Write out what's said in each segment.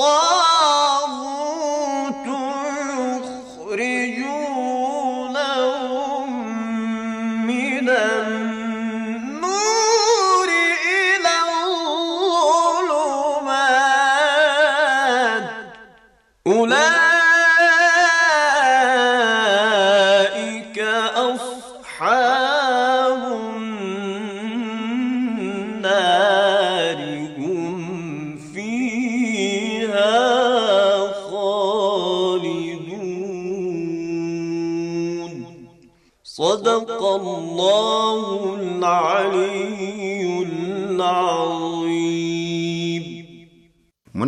ط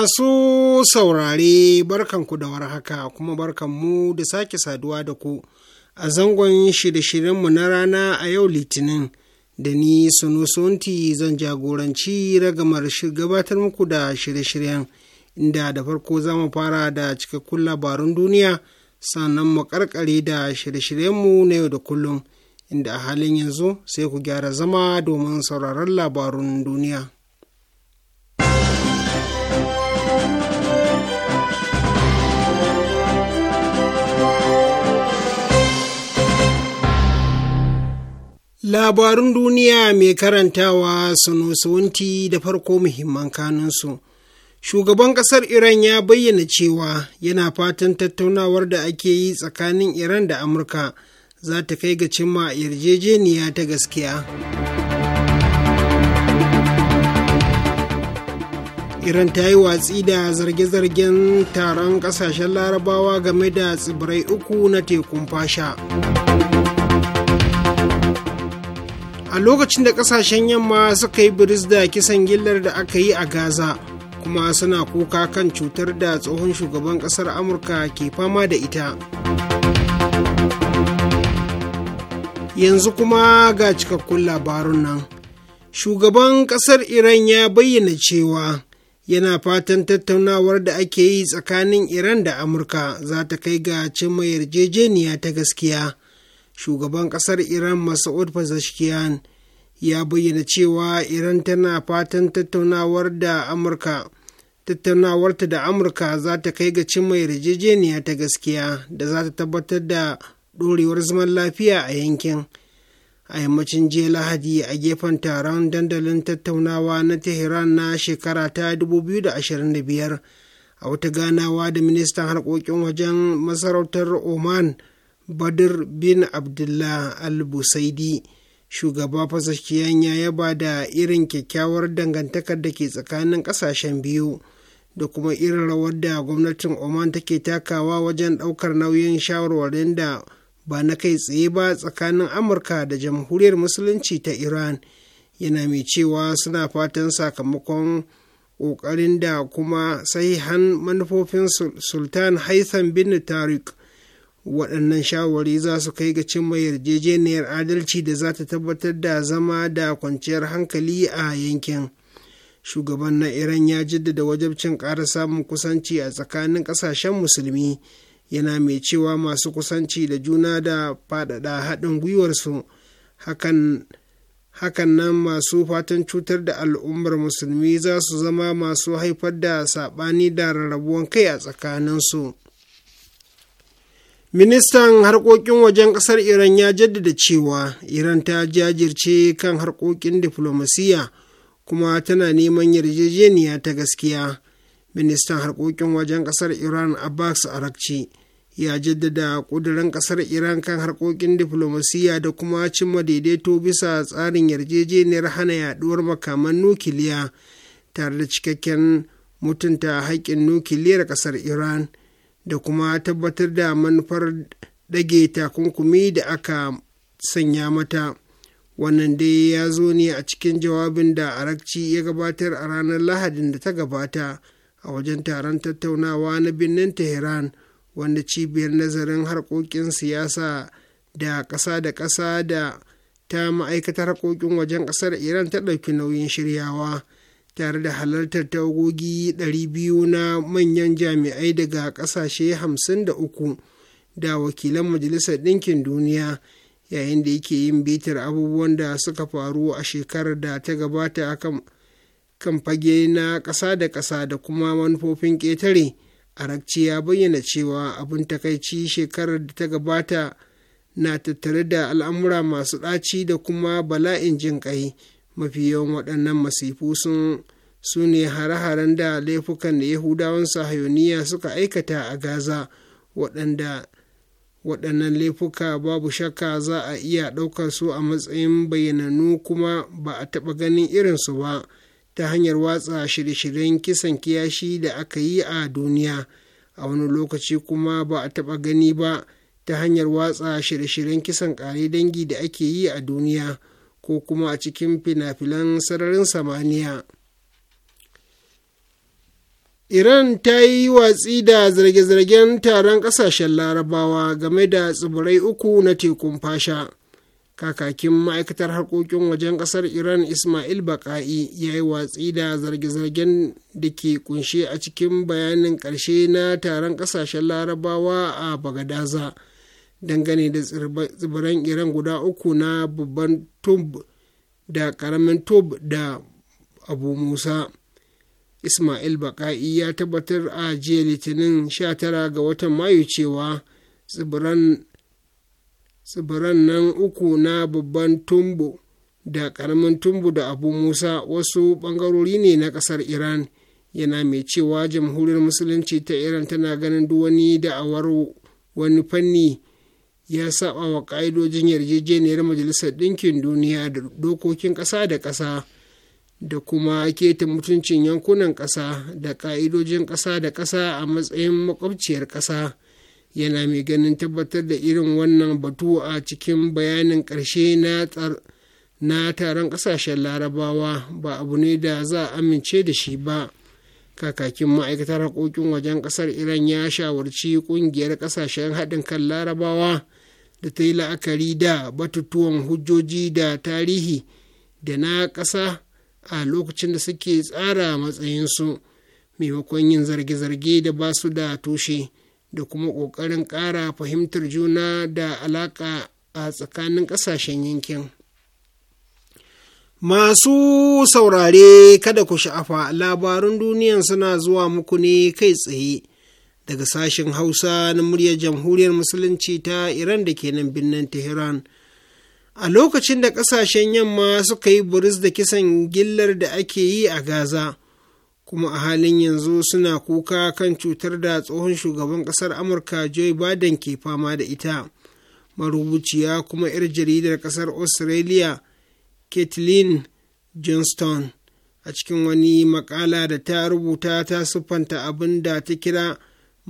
Masu saurare barkanku da warhaka kuma barkanmu da sake saduwa da ku a zangon shirye-shiryenmu na rana a yau Litinin da ni Sunusunti zan jagoranci ragamar gabatar muku da shirye-shiryen inda da farko za mu fara da cikakkun labarun duniya sannan mu karkare da shirye-shiryenmu na yau da kullum inda a halin yanzu sai ku gyara zama domin sauraron labarun duniya. Labarun duniya mai karantawa sunusunti da farko muhimman kanunsu. Shugaban ƙasar Iran ya bayyana cewa yana fatan tattaunawar da ake yi tsakanin Iran da Amurka za ta kai ga cimma yarjejeniya ta gaskiya. Iran ta yi watsi da zarge-zargen taron ƙasashen larabawa game da tsibirai uku na tekun fasha. lokacin da kasashen yamma suka yi biris da kisan gillar da aka yi a gaza kuma suna kuka kan cutar da tsohon shugaban kasar amurka ke fama da ita yanzu kuma ga cikakkun labarun nan shugaban kasar iran ya bayyana cewa yana fatan tattaunawar da ake yi tsakanin iran da amurka za ta kai ga cimma yarjejeniya ta gaskiya shugaban kasar iran masu pezeshkian ya bayyana cewa iran tana fatan tattaunawar da amurka tattaunawarta da amurka za ta kai ga cimma yarjejeniya ta gaskiya da za ta tabbatar da ɗorewar zaman lafiya a yankin a yammacin jiya lahadi a gefen taron dandalin tattaunawa na tehran na shekara ta 2025 a wata ganawa da ministan harkokin wajen masarautar oman badr bin abdullah al-busaidi shugaba fasaskiyan ya yaba da irin kyakkyawar dangantakar da ke tsakanin kasashen biyu da kuma irin rawar da gwamnatin oman take takawa wajen daukar nauyin shawarwarin da ba na kai tsaye ba tsakanin amurka da jamhuriyar musulunci ta iran yana mai cewa suna fatan sakamakon kokarin da kuma sahihan manufofin sultan haitham bin tariq waɗannan shawari za su kai ga cimma yarjejeniyar adalci da za ta tabbatar da zama da kwanciyar hankali a yankin shugaban na iran ya jaddada wajabcin ƙara samun kusanci a tsakanin ƙasashen musulmi yana mai cewa masu kusanci da juna da faɗaɗa haɗin gwiwarsu hakan nan masu fatan cutar da al'ummar musulmi za su zama masu haifar da saɓani da rarrabuwan kai a tsakaninsu. Ministan harkokin wajen ƙasar Iran ya jaddada cewa Iran ta jajirce kan harkokin diflomasiyya kuma tana neman yarjejeniya ta gaskiya. Ministan harkokin wajen ƙasar Iran Abbas Arakci ya jaddada ƙudurin ƙasar Iran kan harkokin diflomasiyya da kuma cimma daidaito bisa tsarin yarjejeniyar hana yaɗuwar makaman nukiliya tare da cikakken mutunta haƙƙin nukiliyar ƙasar Iran. da kuma tabbatar da manufar ɗage takunkumi da aka sanya mata wannan dai ya zo ne a cikin jawabin da arakci ya gabatar a ranar lahadin da ta gabata a wajen taron tattaunawa na birnin tehran wanda cibiyar nazarin harkokin siyasa da ƙasa da ƙasa da ta ma'aikatar harkokin wajen ƙasar iran ta ɗauki nauyin shiryawa. tare da halartar tawagogi 200 na manyan jami'ai daga ƙasashe 53 da wakilan majalisar ɗinkin duniya yayin da yake yin bitar abubuwan da suka faru a shekarar da ta gabata kan kan fage na ƙasa da ƙasa da kuma manufofin ƙetare arakci ya bayyana cewa abin takaici shekarar da ta gabata na tattare da al'amura masu ɗaci da kuma bala'in jin ƙai mafi yawan waɗannan masifu sun su ne hare-haren da laifukan da yahudawan sahayoniya suka aikata a gaza waɗanda waɗannan laifuka babu shakka za a iya ɗaukar su a matsayin bayyananu kuma ba a taɓa ganin irinsu ba ta hanyar watsa shirye-shiryen kisan kiyashi da aka yi a duniya a wani lokaci kuma ba a taɓa gani ba ta hanyar watsa shirye-shiryen kisan ƙare dangi da ake yi a duniya. ko kuma a cikin fina finan sararin samaniya iran ta yi watsi da zarge-zargen taron ƙasashen larabawa game da tsibirai uku na tekun fasha kakakin ma'aikatar harkokin wajen ƙasar iran ismail baka'i ya yi watsi da zarge-zargen da ke kunshe a cikin bayanin ƙarshe na taron ƙasashen larabawa a bagadaza. dangane da tsibiran iran guda uku na babban tub da karamin tub da abu musa ismail baka'i ya tabbatar a jiya litinin 19 ga watan mayu cewa tsibiran tsibiran nan uku na babban tumbu da karamin tumbu da abu musa wasu bangarori ne na kasar iran yana mai cewa jamhuriyar musulunci ta iran tana ganin duwani da da'awar wani fanni ya saba wa ƙa'idojin yarjejeniyar majalisar ɗinkin duniya da dokokin ƙasa da ƙasa da kuma keta mutuncin yankunan ƙasa da ƙa'idojin ƙasa da ƙasa a matsayin makwabciyar ƙasa yana mai ganin tabbatar da irin wannan batu a cikin bayanin ƙarshe na taron ƙasashen larabawa ba abu ne da za a amince da shi ba. kakakin ma'aikatar haƙoƙin wajen ƙasar iran ya shawarci ƙungiyar ƙasashen haɗin kan larabawa da ta yi la'akari da batutuwan hujjoji da tarihi da na ƙasa a lokacin da suke tsara matsayinsu maimakon yin zarge-zarge da ba su da tushe da kuma ƙoƙarin ƙara fahimtar juna da alaƙa a tsakanin ƙasashen yankin. Masu saurare kada ku sha'afa labarun duniyan suna zuwa muku ne kai tsaye daga sashen hausa na muryar jamhuriyar musulunci ta iran da ke nan birnin tehran a lokacin da kasashen yamma suka yi buris da kisan gillar da ake yi a gaza kuma a halin yanzu suna kuka kan cutar da tsohon shugaban kasar amurka joe biden ke fama da ita marubuciya kuma 'yar jaridar kasar australia kathleen johnston a cikin wani makala da ta rubuta ta siffanta abin da ta kira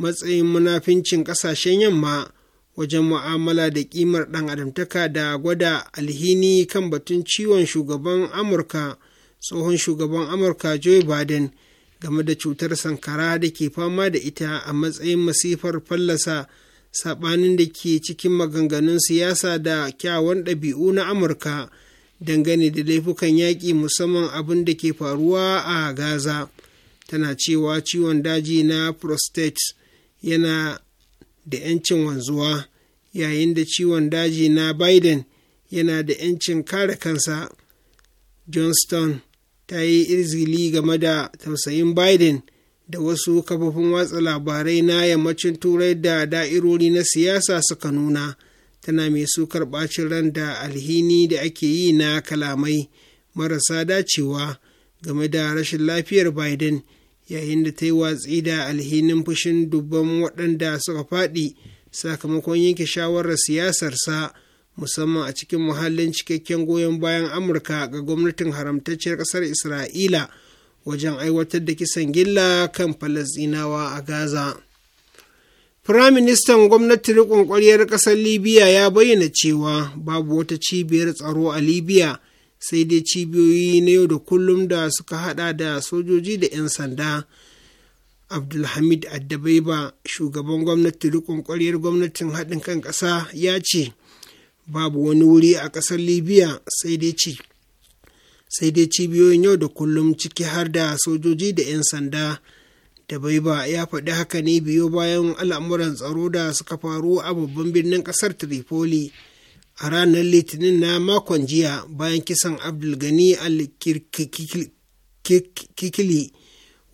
matsayin munafincin ƙasashen yamma wajen mu'amala da ƙimar ɗan adamtaka da gwada alhini kan batun ciwon shugaban amurka tsohon shugaban amurka joe biden game da cutar sankara da ke fama da ita a matsayin masifar fallasa saɓanin da ke cikin maganganun siyasa da kyawun ɗabi'u na amurka dangane da laifukan yaƙi musamman abin da ke faruwa a gaza tana cewa ciwon daji na prostate yana da 'yancin wanzuwa yayin da ciwon daji na biden yana da 'yancin kare kansa johnston ta yi izgili game da tausayin biden da wasu kafofin watsa labarai na yammacin turai da da'irori na siyasa suka nuna tana mai sukar bacin ran da alhini da ake yi na kalamai marasa dacewa game da rashin lafiyar biden yayin da ta yi watsi da alhinin fushin dubban waɗanda suka faɗi sakamakon yanke shawarar siyasarsa musamman a cikin muhallin cikakken goyon bayan amurka ga gwamnatin haramtacciyar ƙasar isra'ila wajen aiwatar da kisan gilla kan falasɗinawa a gaza firaministan gwamnatin riƙon ƙwaryar ƙasar libya ya bayyana cewa babu wata cibiyar tsaro a libya sai dai cibiyoyi na yau da kullum da suka hada da sojoji da 'yan sanda abdulhamid addabaiba shugaban gwamnati rikon kwaryar gwamnatin haɗin kan ƙasa ya ce babu wani wuri a ƙasar libya sai dai ci sai dai cibiyoyin yau da kullum ciki har da sojoji da 'yan sanda da ba ya faɗi haka ne biyo bayan al'amuran tsaro da suka faru a babban birnin ƙasar tripoli a ranar litinin na makon jiya bayan kisan abdulgani al-kikili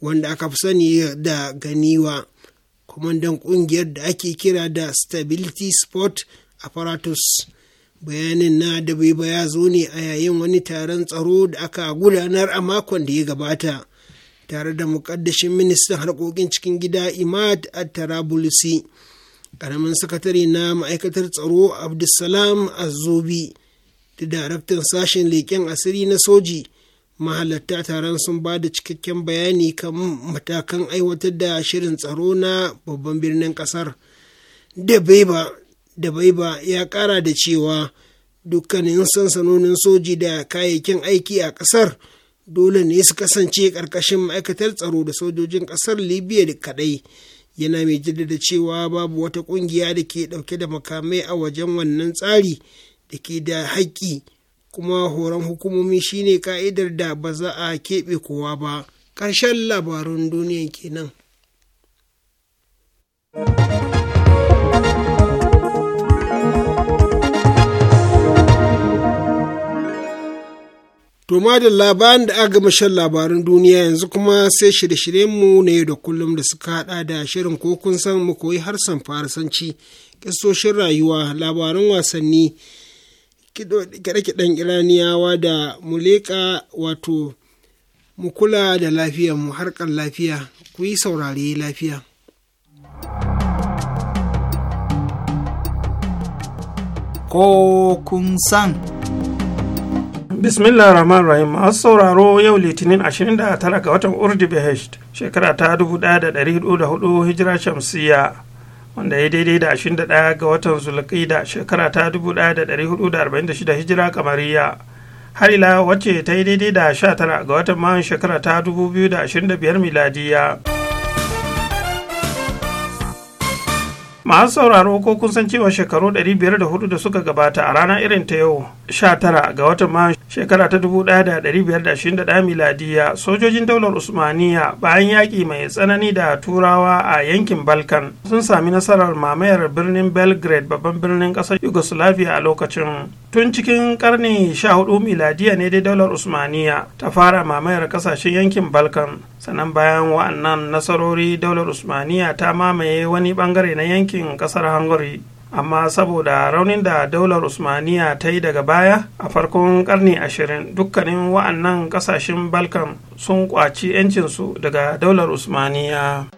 wanda aka fi sani da ganiwa kwamandan kungiyar da ake kira da stability sport apparatus bayanin na da bai ya zo ne a yayin wani taron tsaro da aka gudanar a makon da ya gabata tare da mukaddashin ministan harkokin cikin gida imad at-tarabulusi ƙaramin sakatare na ma'aikatar tsaro abdulsalam azobi da daraktan sashen leƙen asiri na soji mahalatta taron sun ba da cikakken bayani kan matakan aiwatar da shirin tsaro na babban birnin ƙasar da baiba ya ƙara da cewa dukkanin sansanonin soji da kayayyakin aiki a ƙasar dole ne su kasance ƙarƙashin ma'aikatar tsaro da sojojin ƙasar libya da kaɗai yana mai jaddada cewa babu wata ƙungiya da ke ɗauke da makamai a wajen wannan tsari da ke da haƙƙi kuma horon hukumomi shine ka'idar da ba za a keɓe kowa ba ƙarshen labarun duniya kenan. To madalla bayan da aka gama shan labarin duniya yanzu kuma sai shirye-shiryenmu yau da kullum da suka hada da shirin ko kun san mu koyi harsan farasanci, kisoshin rayuwa, labaran wasanni, kiɗe-kiɗen iraniyawa da leƙa wato mu kula da lafiya mu harkar lafiya ku yi saurare lafiya. Ko kun san. bismillah rahman rahim masu sauraro yau litinin 29 ga watan urdu behest shekara ta 1404 hijira shamsiya wanda ya daidai da 21 ga watan zulqida shekara ta 1446 hijira kamariya har ila wacce ta yi daidai da 19 ga watan mayun shekara ta 2025 miladiya. masu sauraro ko kun san cewa shekaru 504 da suka gabata a rana irin ta yau 19 ga watan mayu shekara ta 1521 miladiya sojojin daular usmaniya bayan yaƙi mai tsanani da turawa a yankin balkan sun sami nasarar mamayar birnin belgrade babban birnin ƙasar yugoslavia a lokacin tun cikin karni 14 miladiya ne dai daular usmaniya ta fara mamayar kasashen yankin balkan sannan bayan wa'annan nasarori daular usmaniya ta mamaye wani bangare na yankin mulkin kasar hungary amma saboda raunin da daular usmaniya ta yi daga baya a farkon karni ashirin dukkanin wa'annan kasashen balkan sun kwaci 'yancinsu daga daular usmaniya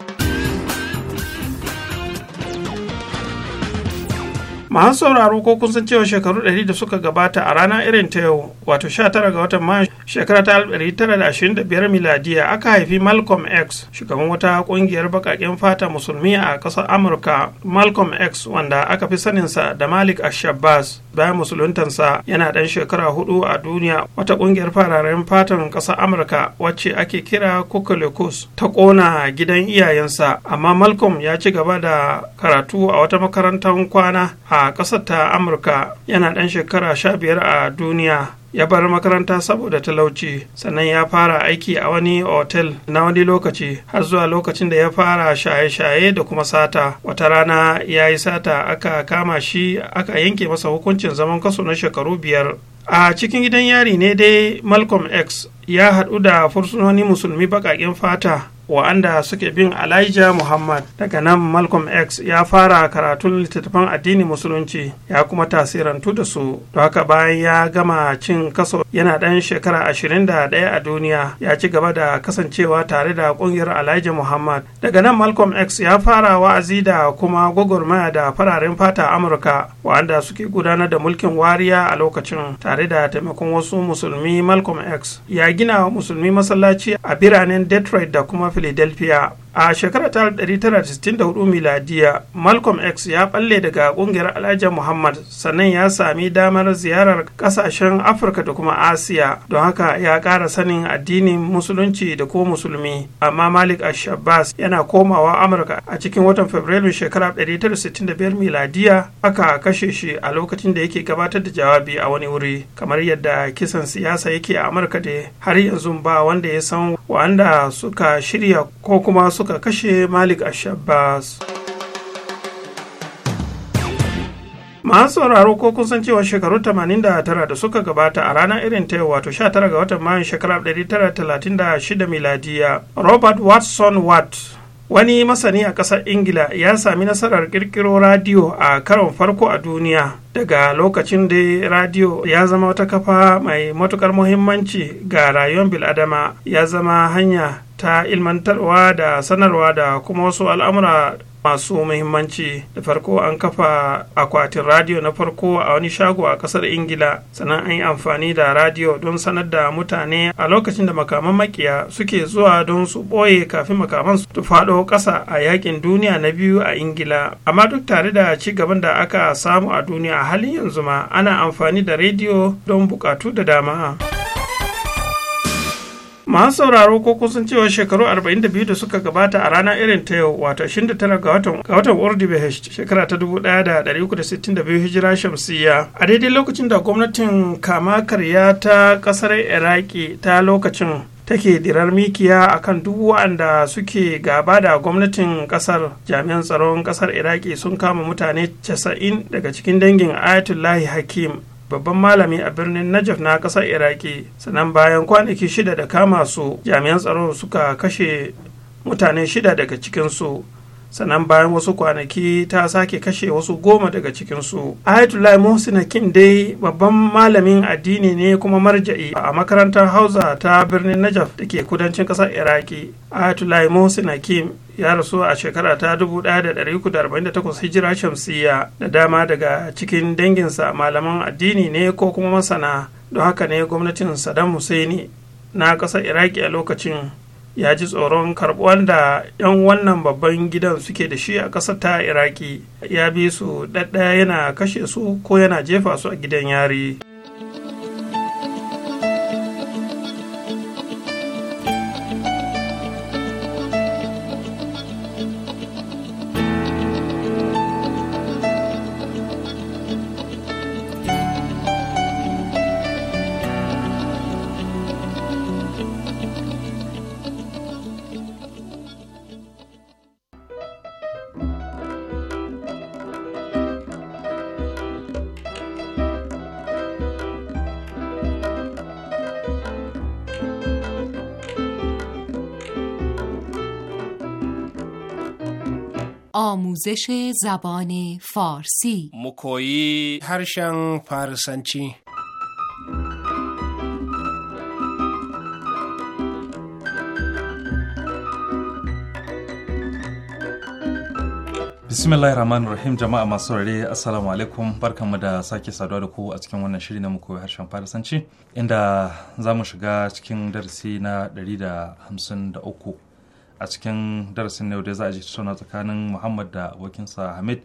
masu sauraro ko kun san cewa shekaru 100 da suka gabata a rana irin ta yau wato 19 ga watan mayu shekara ta 1925 miladiya aka haifi malcolm x shugaban wata kungiyar bakaken fata musulmi a ƙasar amurka malcolm x wanda aka fi saninsa da malik ashabbas bayan musuluntansa yana ɗan shekara hudu a duniya wata kungiyar fararen fatan ƙasar amurka wacce ake kira kukulikus ta ƙona gidan iyayensa amma malcolm ya ci gaba da karatu a wata makarantar kwana a ƙasar ta amurka yana ɗan shekara sha biyar a duniya ya bar makaranta saboda talauci sannan ya fara aiki a wani otel na wani lokaci har zuwa lokacin da ya fara shaye-shaye da kuma sata wata rana ya yi sata aka kama shi aka yanke masa hukuncin zaman kaso na shekaru biyar a cikin gidan yari ne dai malcolm x ya haɗu da fursunoni musulmi baƙaƙen fata wa'anda suke bin Elijah Muhammad daga nan Malcolm X ya fara karatun littattafan addini musulunci ya kuma tasirantu da su To haka bayan ya gama cin kaso yana ɗan shekara ashirin da 21 a duniya ya ci gaba da kasancewa tare da ƙungiyar Elijah Muhammad daga nan Malcolm X ya fara wa'azi da kuma gwagwarmaya da fararen fata Amurka wa'anda suke gudanar da mulkin wariya a lokacin tare da taimakon wasu musulmi Malcolm X ya gina wa musulmi masallaci a biranen Detroit da kuma philadelphia a shekarar 1964 miladiya malcolm x ya balle daga kungiyar alhaji muhammad sannan ya sami damar ziyarar kasashen afirka da kuma asiya don haka ya kara sanin addinin musulunci da ko musulmi amma malik ashabas yana komawa amurka a cikin watan fabrairu shekarar 1965 miladiya aka kashe shi a lokacin da yake gabatar da jawabi a wani wuri kamar yadda kisan siyasa yake a amurka da har yanzu ba wanda ya san wanda suka shirya ko kuma suka kashe malik ashabbas masu sauraro ko kun san cewa shekaru 89 da suka gabata a ranar irin ta wato 19 ga watan mayun shekarar 1936 miladiya robert watson watt wani masani a ƙasar ingila ya sami nasarar ƙirƙiro radiyo a karon farko a duniya daga lokacin da radiyo ya zama wata kafa mai matukar muhimmanci ga rayuwar biladama ya zama hanya ta ilmantarwa da sanarwa da kuma wasu al'amura masu muhimmanci da farko an kafa akwatin radiyo na farko a wani shago a kasar ingila sannan an yi amfani da radiyo don sanar da mutane a lokacin da makaman makiya suke zuwa don su ɓoye kafin makaman su faɗo ƙasa a yakin duniya na biyu a ingila amma duk tare da ci gaban da aka samu a duniya a halin yanzu ma ana amfani da rediyo don buƙatu da dama. masu sauraro ko kusan cewa shekaru 42 da suka gabata a ranar irin ta yau wato 29 ga watan ga watan shekara ta 1162 hijira shamsiyya a daidai lokacin da gwamnatin kama karya ta kasar Iraki ta lokacin take dirar mikiya a kan duk wanda suke gaba da gwamnatin kasar jami'an tsaron kasar iraki sun kama mutane 90 daga cikin dangin ayatullahi hakim babban malami a birnin najaf na ƙasar iraki sannan bayan kwanaki shida da kama su jami'an tsaro suka kashe mutane shida daga cikinsu sannan bayan wasu kwanaki ta sake kashe wasu goma daga cikinsu ayatollah muhsin hakim dai babban malamin addini ne kuma marja'i a makarantar hausa ta birnin najaf da ke kudancin ƙasar iraki ayatollah muhsin hakim ya rasu a shekara ta 1348 hijira shamsiya da dama daga cikin danginsa malaman addini ne ko kuma masana don haka ne gwamnatin saddam husaini na ƙasar iraki a lokacin ya ji tsoron karɓuwan da 'yan wannan babban gidan suke da shi a ƙasar ta iraki ya bi su ɗaɗɗaya yana kashe su ko yana jefa su a gidan yari. آموزش زبان فارسی مکویی harshen فارسنچی bismillahir rahmanir rahim jama'a masu saurare assalamu alaikum barkanmu da sake saduwa da ku a cikin wannan shiri na muku harshen farisanci inda za mu shiga cikin darasi na 153 a cikin darasin yau da za a ji tattauna tsakanin muhammad da abokinsa hamid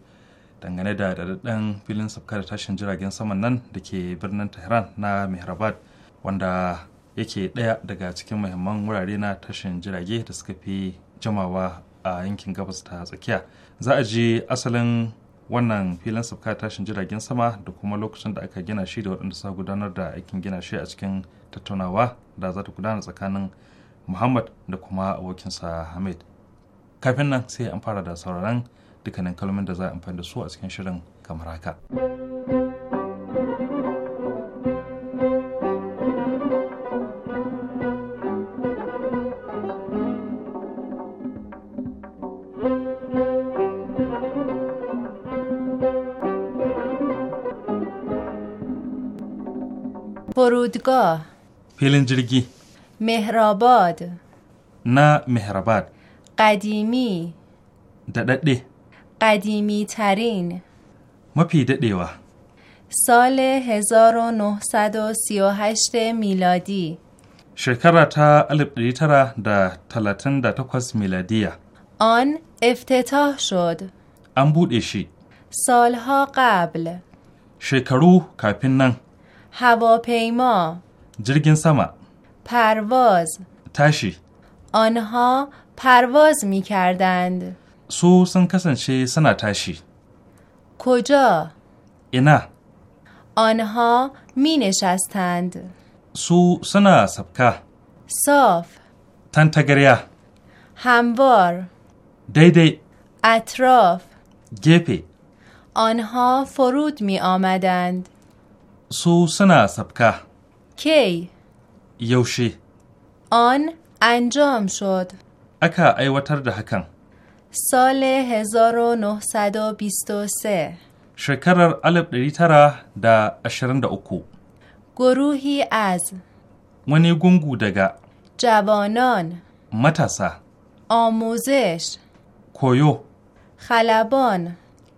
dangane da daɗaɗɗen filin sabka da tashin jiragen saman nan da ke birnin tehran na mehrabad wanda yake ɗaya daga cikin muhimman wurare na tashin jirage da suka fi jimawa a yankin gabas ta tsakiya za a ji asalin wannan filin sabka tashin jiragen sama da kuma lokacin da aka gina shi da waɗanda suka gudanar da aikin gina shi a cikin tattaunawa da za ta gudana tsakanin muhammad da kuma abokinsa hamid kafin nan sai an fara da sauraron dukkanin kalmomin da za a amfani da su a cikin shirin kamar haka. فرودگاه jirgi. مهرآباد نه مهرآباد قدیمی دددی قدیمی ترین ما دی و سال 1938 میلادی شکر تا الف دا تلاتن دا تکوز میلادیه آن افتتاح شد ام بود سالها قبل شکرو کپنن هواپیما جرگن سما پرواز تشی آنها پرواز می کردند سو سن چه سنا تشی کجا؟ اینا آنها می نشستند سو سنا سبکه صاف تگریه هموار دی اطراف گپی آنها فرود می آمدند سو سنا سبکه کی یوشی آن انجام شد اکا ایواتر هکن سال 1923 شکرر الب دیتره ده اشرن ده اکو گروهی از ونی گونگو دگا جوانان متاسا آموزش کویو خلبان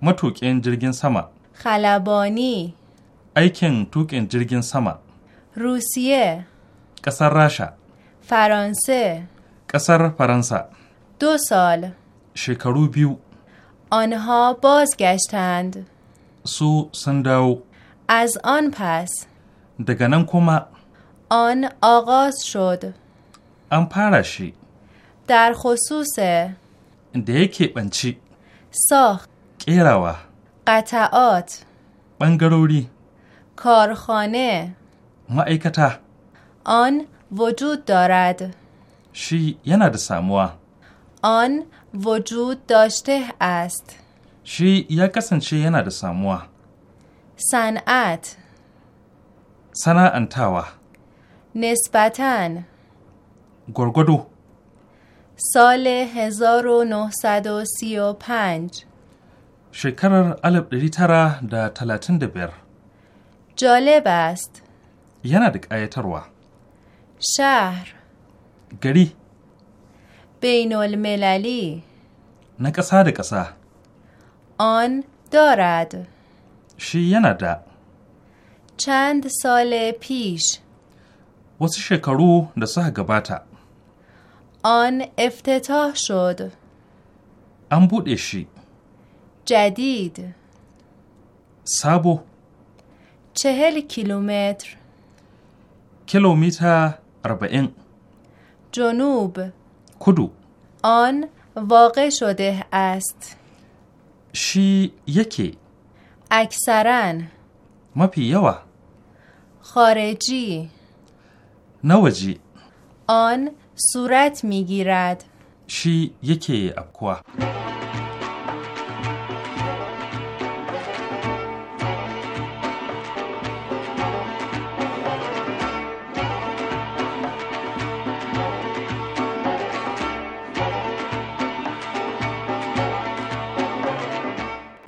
matuƙin jirgin sama. Khalabani. ایکن توک jirgin سما. روسیه قصر راشا فرانسه قصر فرانسه دو سال شکرو بیو آنها بازگشتند سو سنداو از آن پس دگنن کما آن آغاز شد ام پارشی در خصوص دیکی بنچی ساخت کیراوا قطعات بنگروری کارخانه ma'aikata آن وجود دارد شی یه د ساموا آن وجود داشته است شی یا شی یه د ساموا سنا انتاوه. نسبتاً گرگدو سال 1935 شکرر الب ریتره در تلاتن دبر جالب است یه ندک آیتروا شهر گری بین المللی نه کسا ده کسا آن دارد شی نده چند سال پیش واسه شکرو ده سه گباتا آن افتتاح شد. ام بود جدید سابو چهل کیلومتر. کیلومتر اربعین جنوب کدو آن واقع شده است شی یکی اکثرا ما پیوا خارجی نوجی آن صورت میگیرد شی یکی ابکوا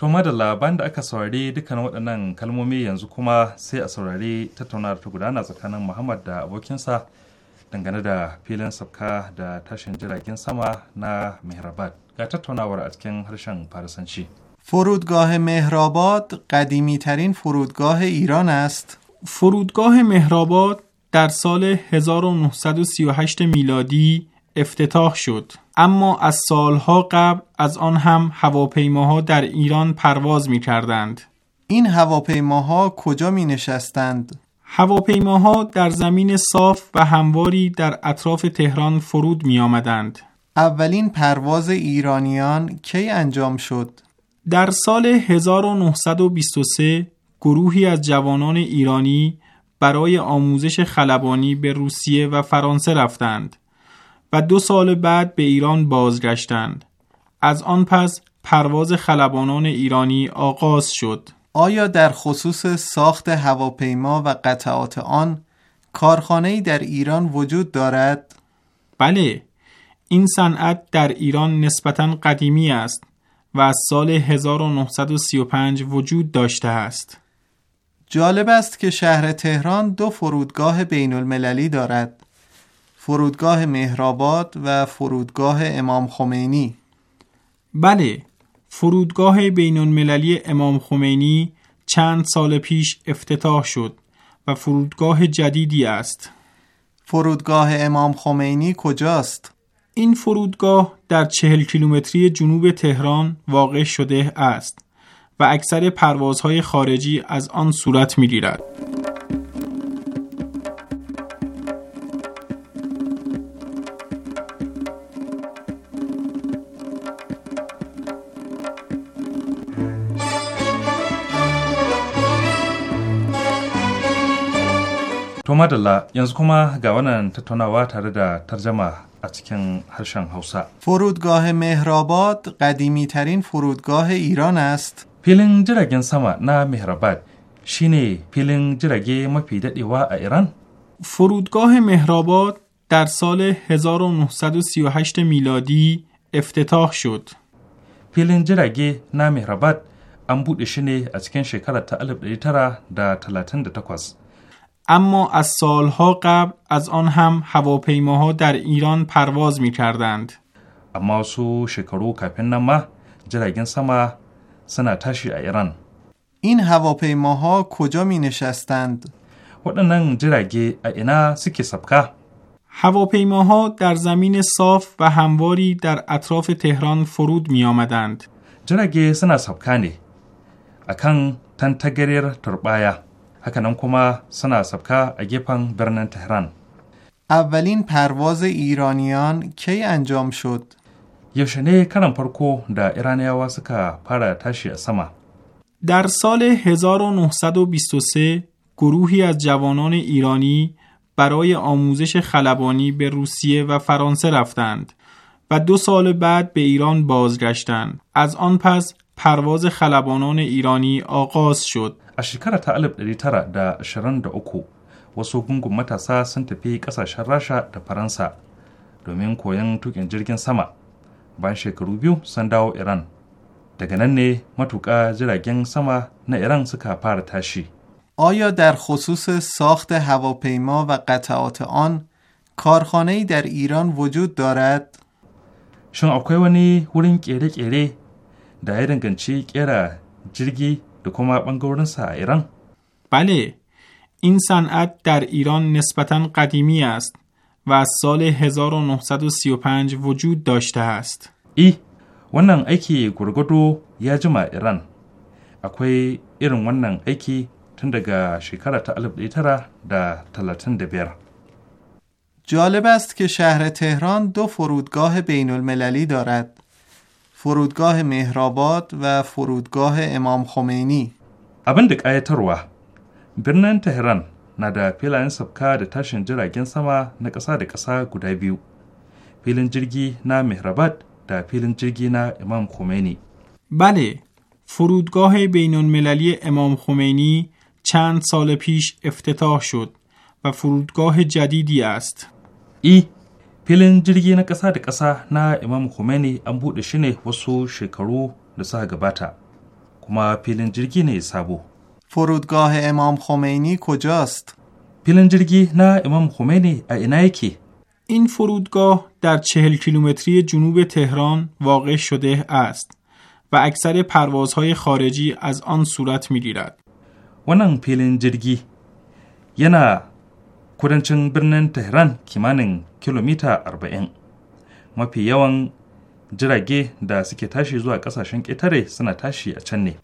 kuma da laban da aka saurari dukkan waɗannan kalmomi yanzu kuma sai a saurari tattaunawar ta gudana tsakanin Muhammad da abokinsa dangane da filin sabka da tashin jiragen sama na Mehrabad. Ga tattaunawar a cikin harshen Farisanci. فرودگاه مهرآباد قدیمی ترین فرودگاه ایران است. فرودگاه مهرآباد در سال 1938 میلادی افتتاح شد. اما از سالها قبل از آن هم هواپیماها در ایران پرواز می کردند. این هواپیماها کجا می نشستند؟ هواپیماها در زمین صاف و همواری در اطراف تهران فرود می آمدند. اولین پرواز ایرانیان کی انجام شد؟ در سال 1923 گروهی از جوانان ایرانی برای آموزش خلبانی به روسیه و فرانسه رفتند. و دو سال بعد به ایران بازگشتند. از آن پس پرواز خلبانان ایرانی آغاز شد. آیا در خصوص ساخت هواپیما و قطعات آن کارخانه‌ای در ایران وجود دارد؟ بله، این صنعت در ایران نسبتا قدیمی است و از سال 1935 وجود داشته است. جالب است که شهر تهران دو فرودگاه بین المللی دارد. فرودگاه مهرآباد و فرودگاه امام خمینی بله فرودگاه بینون المللی امام خمینی چند سال پیش افتتاح شد و فرودگاه جدیدی است فرودگاه امام خمینی کجاست؟ این فرودگاه در چهل کیلومتری جنوب تهران واقع شده است و اکثر پروازهای خارجی از آن صورت میگیرد. To madalla yanzu kuma ga wannan tattaunawa tare da tarjama a cikin harshen Hausa. furudgoh Mehrabad qadimi tarin iran Iran است. Filin jiragen sama na Mehrabad shine filin jirage mafi dadewa a Iran. فرودگاه مهرآباد در سال 1938 میلادی افتتاح شد. پیلنجرگی جیرگه مهرآباد an buɗe shi ne a cikin shekarar 1938. اما از سالها قبل از آن هم هواپیماها در ایران پرواز می کردند. اما سو شکرو کپن نما جرگن سما سنا تشی ایران این هواپیماها کجا می نشستند؟ ودنن جرگی اینا سکی سبکه هواپیماها در زمین صاف و همواری در اطراف تهران فرود می آمدند. جرگی سنا سبکانی اکن تنتگریر تربایه. hakanan kuma suna اولین پرواز ایرانیان کی انجام شد؟ در در سال 1923 گروهی از جوانان ایرانی برای آموزش خلبانی به روسیه و فرانسه رفتند و دو سال بعد به ایران بازگشتند از آن پس پرواز خلبانان ایرانی آغاز شد a shekara ta 1923 wasu gungun matasa sun tafi kasashen rasha da faransa domin koyon tukin jirgin sama bayan shekaru biyu sun dawo iran daga nan ne matuƙa jiragen sama na iran suka fara tashi آیا در خصوص ساخت هواپیما و قطعات آن کارخانه ای در ایران وجود دارد؟ شن اکوی ونی ورین کیره کیره دایرن گنچی کیرا jirgi da kuma sa a Iran? Bale, in san'at dar Iran nisbatan qadimi است و از سال 1935 وجود داشته است. ای wannan aiki gurgudu ya jima Iran. Akwai irin wannan aiki tun daga shekara ta 1935. جالب است که شهر تهران دو فرودگاه بین المللی دارد. فرودگاه مهرآباد و فرودگاه امام خمینی ابند قایتر وا برنن تهران نادا فیلان سبکا د تاشن جراجن سما نا قسا د قسا گودا بیو فیلن جرگی نا مهرآباد دا جرگی نا امام خمینی بله فرودگاه بین امام خمینی چند سال پیش افتتاح شد و فرودگاه جدیدی است ای filin jirgi na ƙasa da ƙasa na imam khomeini an buɗe shi ne wasu shekaru da suka gabata kuma فرودگاه امام خمینی کجاست؟ پیلن جرگی نه امام خمینی اینه این فرودگاه در چهل کیلومتری جنوب تهران واقع شده است و اکثر پروازهای خارجی از آن صورت میگیرد. ونن پیلن جرگی نه kudancin birnin tehran kimanin kilomita 40 mafi yawan jirage da suke tashi zuwa kasashen ƙetare suna tashi a can ne.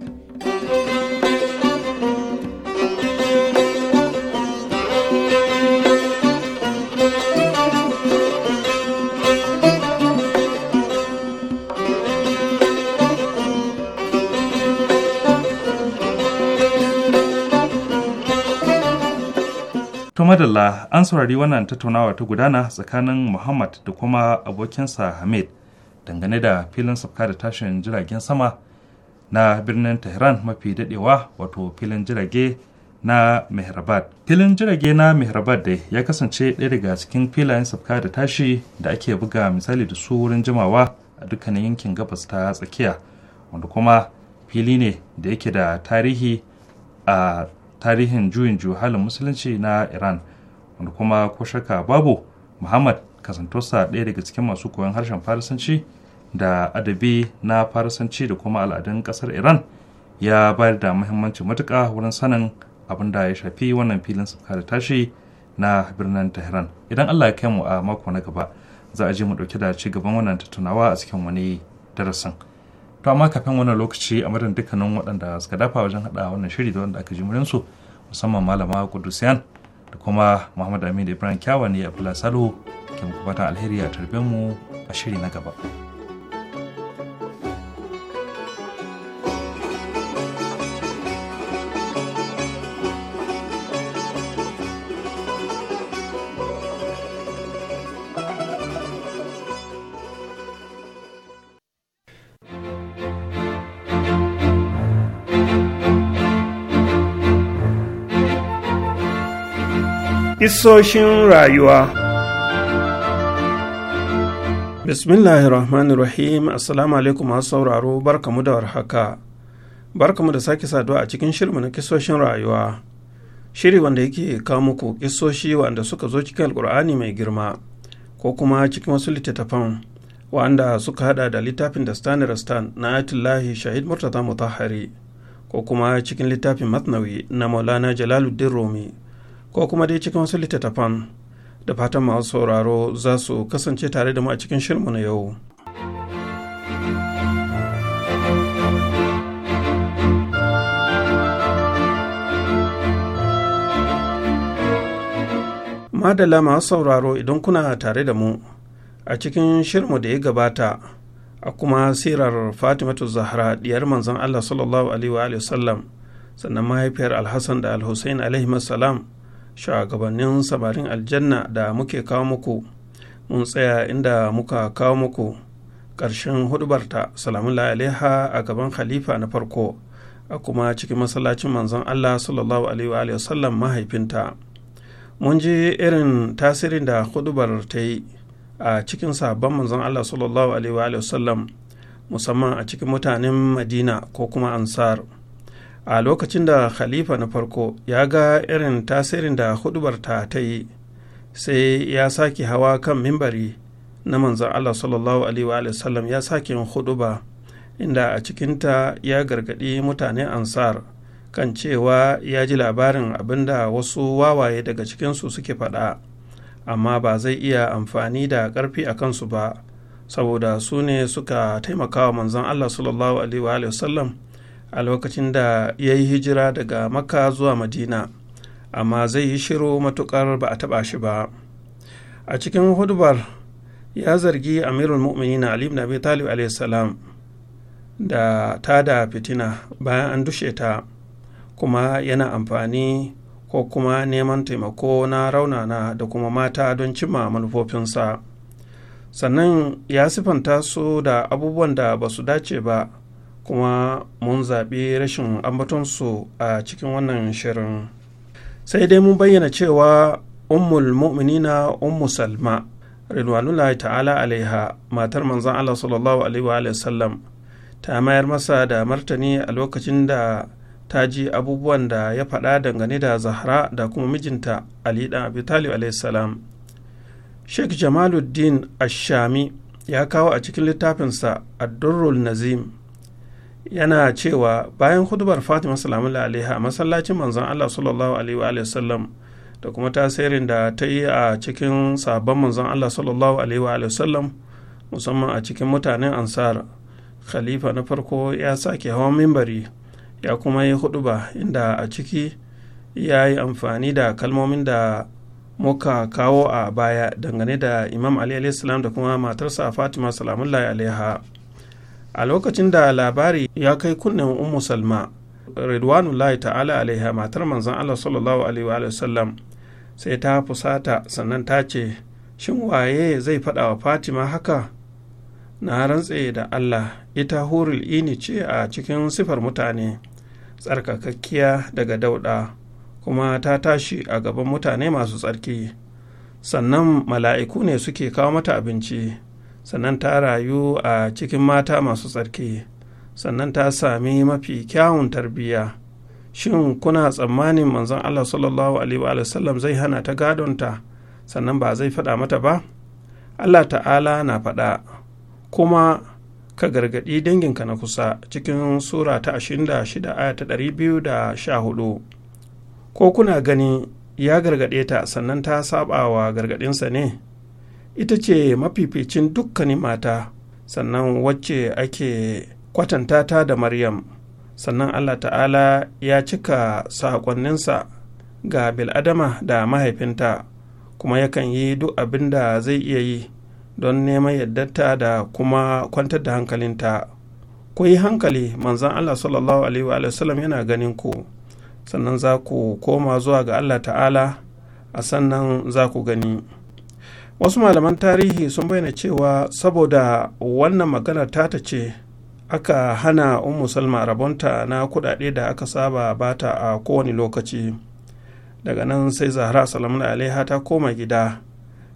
To madalla an saurari wannan tattaunawa ta gudana tsakanin Muhammad da kuma abokinsa Hamid dangane da filin sabka da tashin jiragen sama na birnin Tehran mafi dadewa wato filin jirage na Mehrabad. Filin jirage na Mehrabad dai ya kasance ɗaya daga cikin filayen sabka da tashi da ake buga misali da su wurin jimawa a dukkanin yankin gabas ta tsakiya wanda kuma fili ne da yake da tarihi a tarihin juyin halin musulunci na iran wanda kuma ko shaka babu muhammad kasantosa ɗaya daga cikin masu koyon harshen farisanci da adabi na farisanci da kuma al'adun ƙasar iran ya bayar da muhimmanci matuka wurin sanin abin da ya shafi wannan filin suka da tashi na birnin tehran idan allah ya kai mu a mako na gaba za a je mu ɗauke da ci gaban wannan tattaunawa a cikin wani darasin. to amma kafin wannan lokaci a madadin dukkanin waɗanda suka dafa wajen haɗa wannan shiri da wanda aka ji su musamman malama kudusiyan da kuma muhammad aminu ibrahim kyawa ne abdullahi salo ke muku fatan alheri a tarbe mu a shiri na gaba. Kisoshin rayuwa Bismillahirrahmanirrahim Assalamu alaikum masu sauraro barkamu da warhaka. Barkamu da sake saduwa a cikin shirmu na kisoshin rayuwa. Shiri wanda yake kawo muku kisoshi wanda suka zo cikin alkur'ani mai girma ko kuma cikin wasu littattafan wanda suka hada da littafin da Stanley Stan na Atullahi Shahid Murtaza Mutahari ko kuma cikin littafin Matnawi na Maulana Jalaluddin Rumi. ko kuma dai cikin wasu littattafan da fatan masu sauraro za su kasance tare da mu a cikin shirinmu na yau. Madala masu sauraro idan kuna tare da mu a cikin shirinmu da ya gabata a kuma sirar Fatimatu Zahra diyar manzon Allah sallallahu Alaihi wa sallam sannan mahaifiyar Alhassan da Alhussein alaihi salam shugabannin samarin aljanna da muke kawo muku mun tsaya inda muka kawo muku ƙarshen hudubarta salamullahi alaiha a gaban khalifa na farko a kuma cikin masallacin manzon allah sallallahu alaihi wa sallam mahaifinta mun ji irin tasirin da hudubar ta yi a cikin sabon manzon allah sallallahu alaihi wa sallam musamman a cikin mutanen madina ko kuma ansar. a lokacin da khalifa na farko ya ga irin tasirin da hudubarta ta yi sai ya sake hawa kan mimbari na manzan allah sallallahu alaihi sallam ya sake huduba inda a cikinta ya gargaɗi mutanen ansar kan cewa ya ji labarin abin da wasu wawaye daga cikinsu suke faɗa amma ba zai iya amfani da ƙarfi a kansu ba saboda su ne suka taimaka wa manzan allah sallallahu alaihi wa a lokacin da ya yi hijira daga makka zuwa madina amma zai yi shiru matukar ba a taba shi ba a cikin hudubar ya zargi amirul mu'minin ali ibn abi talib salam da tada fitina bayan an dushe ta kuma yana amfani ko kuma neman taimako na raunana da kuma mata don cimma manufofinsa sannan ya sifanta su da abubuwan da ba su dace ba kuma mun zaɓi rashin ambatonsu a cikin wannan shirin sai dai mun bayyana cewa ummul mu'minina ummu salma ridwanullahi ta'ala alaiha matar manzan Allah sallallahu alaihi wa sallam ta mayar masa da martani a lokacin da ta ji abubuwan da ya faɗa dangane da zahra da kuma mijinta ali dan abi talib alaihi salam sheikh jamaluddin ashami ya kawo a cikin littafinsa ad-durrul nazim yana cewa bayan hudubar fatima salamu alaiha a masallacin manzon allah sallallahu alaihi wa sallam da kuma tasirin da ta yi a cikin sabon manzon allah sallallahu alaihi wa sallam musamman a cikin mutanen ansar khalifa na farko ya sake hawan mimbari ya kuma yi huduba inda a ciki ya yi amfani da kalmomin da muka kawo a baya dangane da imam ali da kuma matarsa fatima salamu alaiha a lokacin da labari ya kai kunnen ummu salma ridwanullahi ta'ala alaiha matar manzon allah sallallahu alaihi wa sallam sai ta fusata sannan ta ce shin waye zai faɗa wa fatima haka na rantse da allah ita hurul ini ce a cikin sifar mutane tsarkakakkiya daga Dauda. kuma ta tashi a gaban mutane masu tsarki sannan mala'iku ne suke kawo mata abinci sannan ta rayu a cikin mata masu tsarki sannan ta sami mafi kyawun tarbiyya shin kuna tsammanin manzon allah sallallahu alaihi wa zai hana ta gadonta sannan ba zai faɗa mata ba allah ta'ala na faɗa kuma ka gargaɗi danginka na kusa cikin sura ta 26 da ta ko kuna gani ya gargaɗe ta sannan ta saɓa wa gargaɗinsa ne ita ce mafificin dukkanin mata sannan wacce ake kwatanta ta da maryam sannan allah ta'ala ya cika saƙonninsa ga bil'adama da mahaifinta kuma yakan yi duk abin da zai iya yi don neman yaddata da kuma kwantar da hankalinta ku yi hankali manzan allah sallallahu alaihi wa sallam yana ganin ku sannan za ku koma zuwa ga allah ta'ala a sannan za ku gani wasu malaman tarihi sun bayyana cewa saboda wannan magana tata ce aka hana ummu salma rabonta na kudade da aka saba bata a kowane lokaci daga nan sai zahra salamun alaiha ta koma gida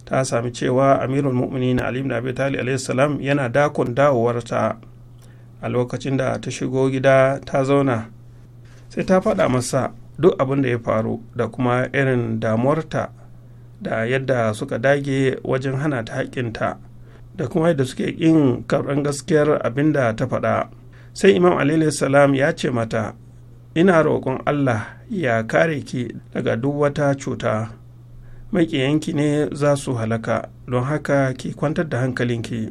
ta sami cewa amirul mu'mini na alim da talib salam yana dakon dawowarta a lokacin da ta shigo gida ta zauna sai ta faɗa masa duk abin da ya faru da kuma irin damuwarta da yadda suka dage wajen hana ta haƙƙinta da kuma yadda suke ƙin karɓar gaskiyar abin da ta faɗa sai imam salam ya ce mata ina roƙon allah ya kare ki daga duk wata cuta maƙiyanki ne za su halaka don haka ki kwantar da hankalinki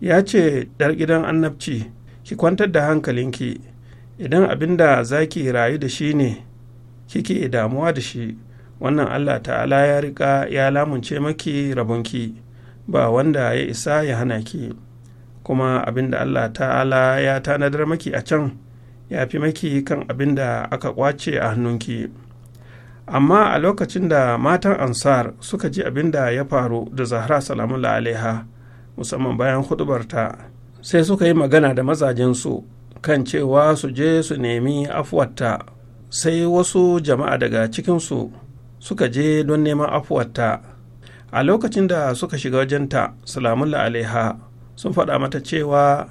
ya ce ɗar gidan annabci ki kwantar da hankalinki idan abin da za rayu da shi ne kike damuwa da shi wannan allah ta'ala ya riƙa ya lamunce maki rabonki ba wanda ya isa ya hana ki kuma abin da allah ta'ala ya tanadar maki a can ya fi maki kan abin da aka kwace a hannunki amma a lokacin da matan ansar suka ji abin da ya faru da zahra salamu alaiha musamman bayan hudubarta sai suka yi magana da mazajensu kan cewa su je su nemi afuwarta sai wasu jama'a daga cikinsu suka je don neman afuwarta a lokacin da suka shiga wajenta salamullah alaiha sun faɗa mata cewa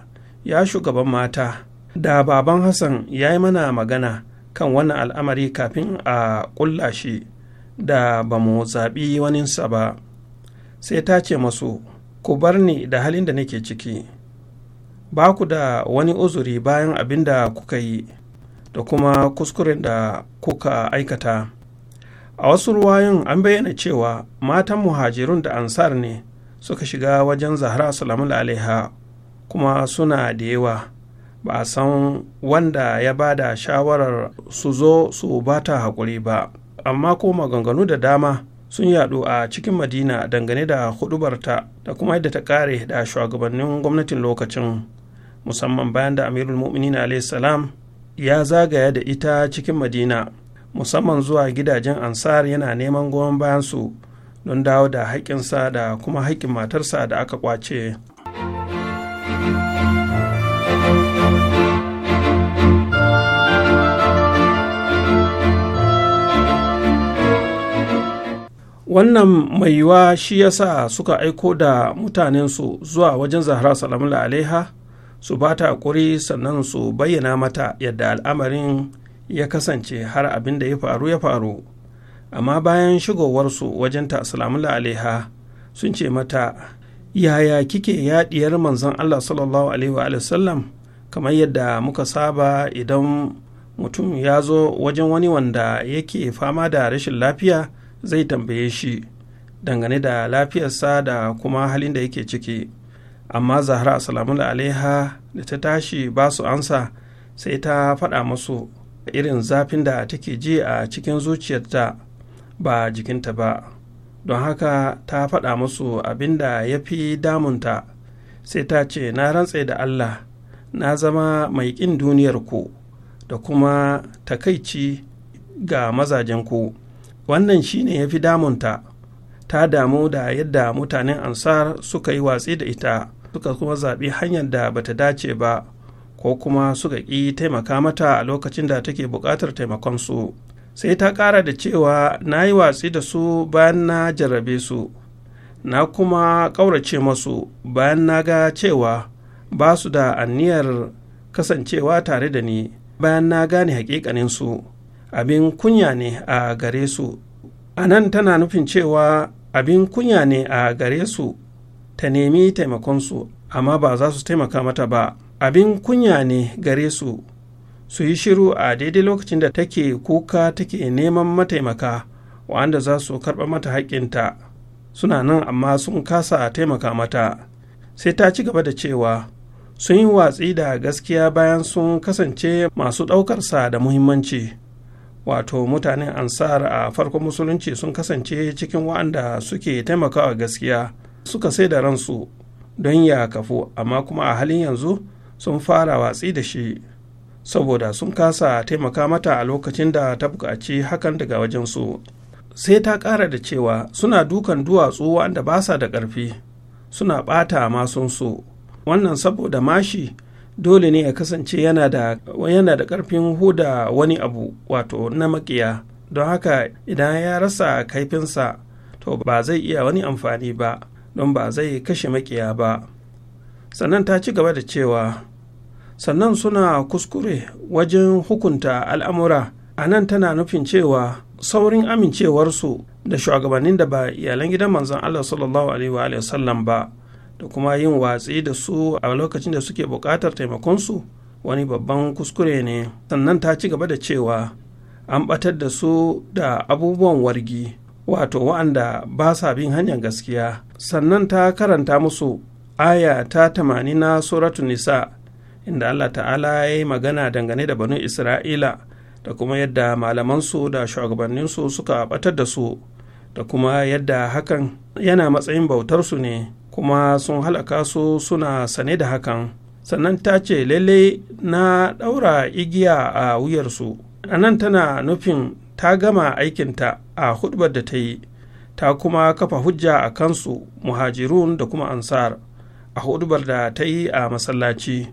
ya shugaban mata da baban hassan ya yi mana magana kan wannan al'amari kafin a ƙulla shi da ba mu zaɓi waninsa ba sai ta ce masu ku bar ni da halin da nake ciki ba ku da wani uzuri bayan abin da kuka yi da kuma kuskuren da kuka aikata a wasu ruwayin an bayyana cewa matan muhajirun da ansar ne suka shiga wajen zahra salamu alaiha kuma suna da yawa ba a san wanda ya ba da shawarar su zo su ba ta haƙuri ba amma ko maganganu da dama sun yaɗu a cikin madina dangane da hudubarta da kuma yadda ta kare da shugabannin gwamnatin lokacin musamman bayan da amirul mu'minin salam ya zagaya da ita cikin madina musamman zuwa gidajen ansar yana neman goyon bayansu don dawo da haƙƙinsa da kuma haƙƙin matarsa da aka ƙwace. wannan mai yiwa shi sa suka aiko da mutanensu zuwa wajen zahra salamu alaiha su ba ta sannan su bayyana mata yadda al'amarin ya kasance har abin da ya faru ya faru amma bayan shigowarsu wajenta salamula alaiha sun ce mata yaya kike yaɗiyar manzon allah sallallahu alaihi wa sallam kamar yadda muka saba idan mutum ya zo wajen wani wanda yake fama da rashin lafiya zai tambaye shi dangane da lafiyarsa da kuma halin da yake ciki amma zahra salamun alaiha da ta tashi ba su ansa sai ta faɗa musu irin zafin da take ji a cikin zuciyarta ba jikinta ba don haka ta faɗa musu abin da ya fi damunta sai ta ce na rantse da allah na zama mai ƙin duniyarku da kuma takaici ga mazajenku. ku wannan shine ya fi damunta ta damu da yadda mutanen ansar suka yi watsi da ita suka kuma zaɓi hanyar da bata dace ba ko kuma suka ƙi taimaka mata a lokacin da take buƙatar taimakon su. sai ta ƙara da cewa na yi watsi da su bayan na jarrabe su na kuma ƙaurace masu bayan na ga cewa ba su da anniyar kasancewa tare da ni bayan na gane su abin kunya ne a gare su a nan tana nufin cewa abin kunya ne a gare su ta nemi taimakonsu amma ba za su taimaka mata ba abin kunya ne gare su su yi shiru a daidai lokacin da take kuka take neman mataimaka wa'anda za su karɓa mata haƙƙinta suna nan amma sun kasa taimaka mata sai ta ci gaba da cewa sun yi watsi da gaskiya bayan sun kasance masu ɗaukarsa da muhimmanci wato mutanen ansar a farkon musulunci sun kasance cikin wa'anda suke taimakawa gaskiya suka sai da ransu don ya kafu amma kuma a halin yanzu sun fara watsi da shi saboda sun kasa taimaka mata a lokacin da ta buƙaci hakan daga wajensu sai ta ƙara da cewa suna dukan duwatsu wanda ba sa da ƙarfi suna ɓata masunsu wannan saboda mashi dole ne ya kasance yana da ƙarfin huda wani abu wato na makiya don haka idan ya rasa kaifinsa to ba zai iya wani amfani ba don ba zai kashe makiya ba sannan ta ci gaba da cewa sannan suna kuskure wajen hukunta al'amura a nan tana nufin cewa saurin amincewarsu da shugabannin da ba iyalan gidan manzon Allah sallallahu alaihi wa sallam ba da kuma yin watsi da su a lokacin da suke buƙatar taimakonsu wani babban kuskure ne sannan ta ci gaba da cewa an ɓatar da su da abubuwan wargi wato wa'anda ba sa bin hanyar gaskiya sannan ta karanta musu aya ta 80 na suratun nisa inda allah ta'ala ya yi magana dangane da banu isra'ila da kuma yadda malamansu da shugabanninsu suka batar da su da kuma yadda hakan yana matsayin bautarsu ne kuma sun halaka su suna sane da hakan sannan ta ce lele na ɗaura igiya a wuyarsu a nan tana nufin ta gama aikinta a hudbar da ta yi ta kuma kafa hujja a kansu muhajirun da kuma ansar a hudbar da ta yi a masallaci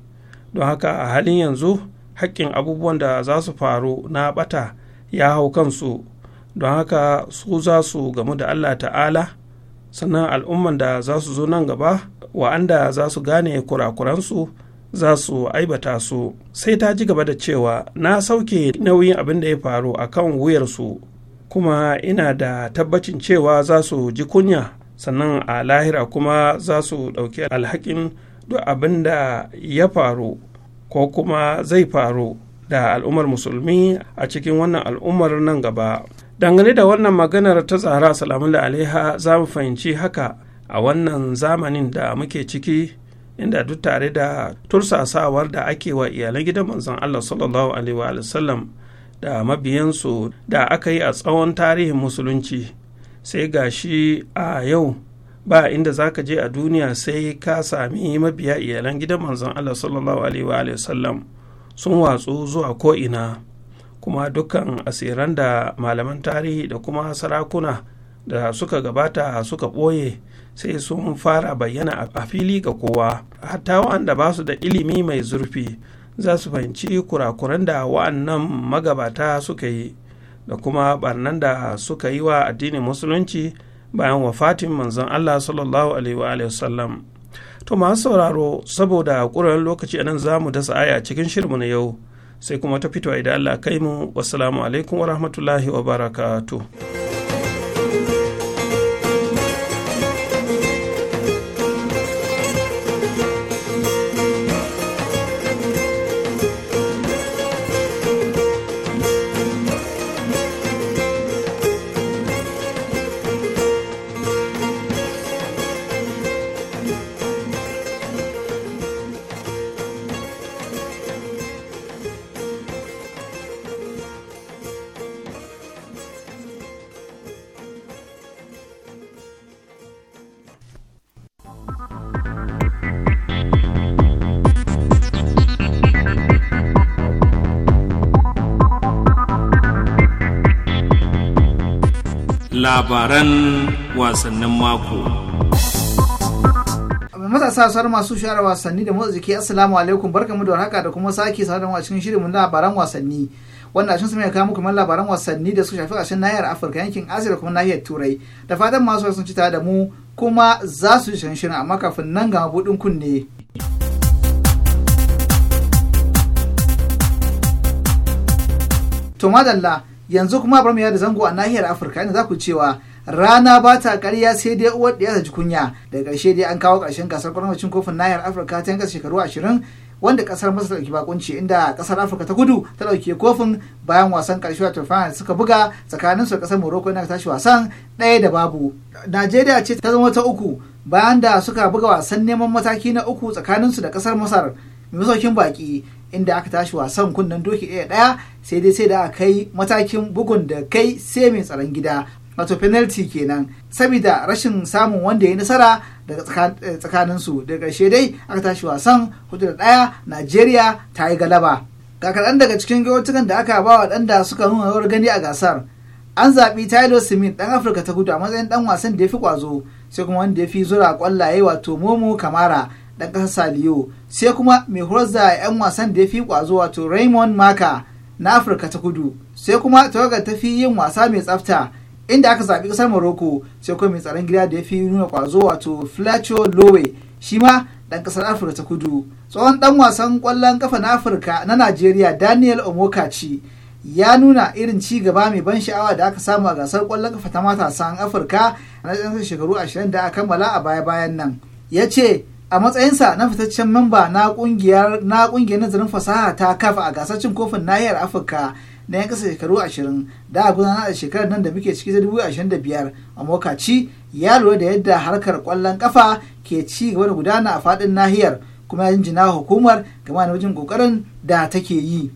don haka a halin yanzu haƙƙin abubuwan da za su faru na ɓata ya hau kansu don haka su za su gamu da allah ta'ala sannan al'umman da za su zo nan gaba wa'anda za su gane kurakuransu za su aibata su sai ta ji gaba da cewa na sauke nauyin abin da ya faru a kan wuyarsu kuma ina da tabbacin cewa za su ji kunya sannan a lahira kuma za su ɗauki alhakin duk abin da ya faru ko kuma zai faru da al'ummar musulmi a cikin wannan al'ummar nan gaba dangane da wannan maganar ta tsara salamun alaiha za mu fahimci haka a wannan zamanin da muke ciki inda duk tare da tursasawar da ake wa iyalan gidan manzon Allah sallallahu alaihi wa sallam da mabiyansu da aka yi a tsawon tarihin musulunci sai gashi a yau ba inda za ka je a duniya sai ka sami mabiya iyalan gidan manzon Allah sallallahu alaihi wa sallam sun watsu zuwa ko'ina kuma dukkan asiran da malaman tarihi da kuma sarakuna da suka gabata suka ɓoye sai sun fara bayyana a fili ga kowa hatta wa'anda ba su da ilimi mai zurfi za su fahimci kurakuran da wa'annan magabata suka yi da kuma barnan da suka yi wa addinin musulunci bayan wafatin manzon Allah sallallahu alaihi wasallam to masu sauraro saboda ƙuran lokaci a nan za mu dasa aya cikin shirmu na yau sai kuma ta fito idan Allah kai mu wassalamu alaikum wa rahmatullahi wa barakatuh labaran wasannin mako. matasa sauran masu shara wasanni da motsa jiki assalamu alaikum barkamu da Haka da kuma sake sa a cikin shirin labaran wasanni wanda shin mai kawo muku labaran wasanni da su shafi cikin nahiyar afirka yankin asiya da kuma nahiyar turai da fatan masu sun ci tare da mu kuma za su ji shirin amma kafin nan ga mabuɗin kunne. to madalla yanzu kuma bar ya da zango a nahiyar afirka inda za ku cewa rana ba ta karya sai dai uwar ɗaya ta ji kunya daga karshe dai an kawo ƙarshen gasar kwarmacin kofin nahiyar afirka ta yanka shekaru ashirin wanda kasar masar ta ɗauki bakunci inda kasar afirka ta kudu ta ɗauki kofin bayan wasan karshe wato final suka buga tsakanin su kasar morocco inda tashi wasan ɗaya da babu najeriya ce ta zama ta uku bayan da suka buga wasan neman mataki na uku tsakanin su da kasar masar mai masaukin baki inda aka tashi wasan kunnen doki ɗaya ɗaya sai dai sai da aka kai matakin bugun da kai sai mai tsaron gida wato penalty kenan saboda rashin samun wanda ya nasara daga eh, tsakanin su daga ƙarshe dai aka tashi wasan hudu da ɗaya Najeriya ta yi galaba ga kaɗan daga cikin gautukan da aka ba waɗanda suka nuna rawar gani a gasar an zaɓi Tyler Smith ɗan Afirka ta gudu a matsayin ɗan wasan da ya fi ƙwazo sai kuma wanda ya fi zura ƙwallaye wato Momo Kamara da ƙasa saliyo sai kuma mai horarza a 'yan wasan da ya fi ƙwazo wato raymond maka na afirka ta kudu sai kuma tawagar ta fi yin wasa mai tsafta inda aka zaɓi ƙasar morocco sai kuma mai tsaron gida da ya fi nuna ƙwazo wato flacho lowe shi ma ɗan ƙasar afirka ta kudu tsohon ɗan wasan ƙwallon ƙafa na afirka na najeriya daniel Omokachi ya nuna irin ci gaba mai ban sha'awa da aka samu a gasar ƙwallon ƙafa ta matasan afirka a na shekaru ashirin da a kammala a baya-bayan nan ya ce a matsayinsa na fitaccen mamba na kungiyar nazarin fasaha ta kafa a gasar cin kofin nahiyar afirka na yan kasa shekaru ashirin da gudanar da shekarar nan da muke ciki ta 2025. da biyar a mokaci ya lura da yadda harkar kwallon kafa ke ci gaba da gudana a faɗin nahiyar kuma ya jinjina hukumar game da wajen kokarin da take yi.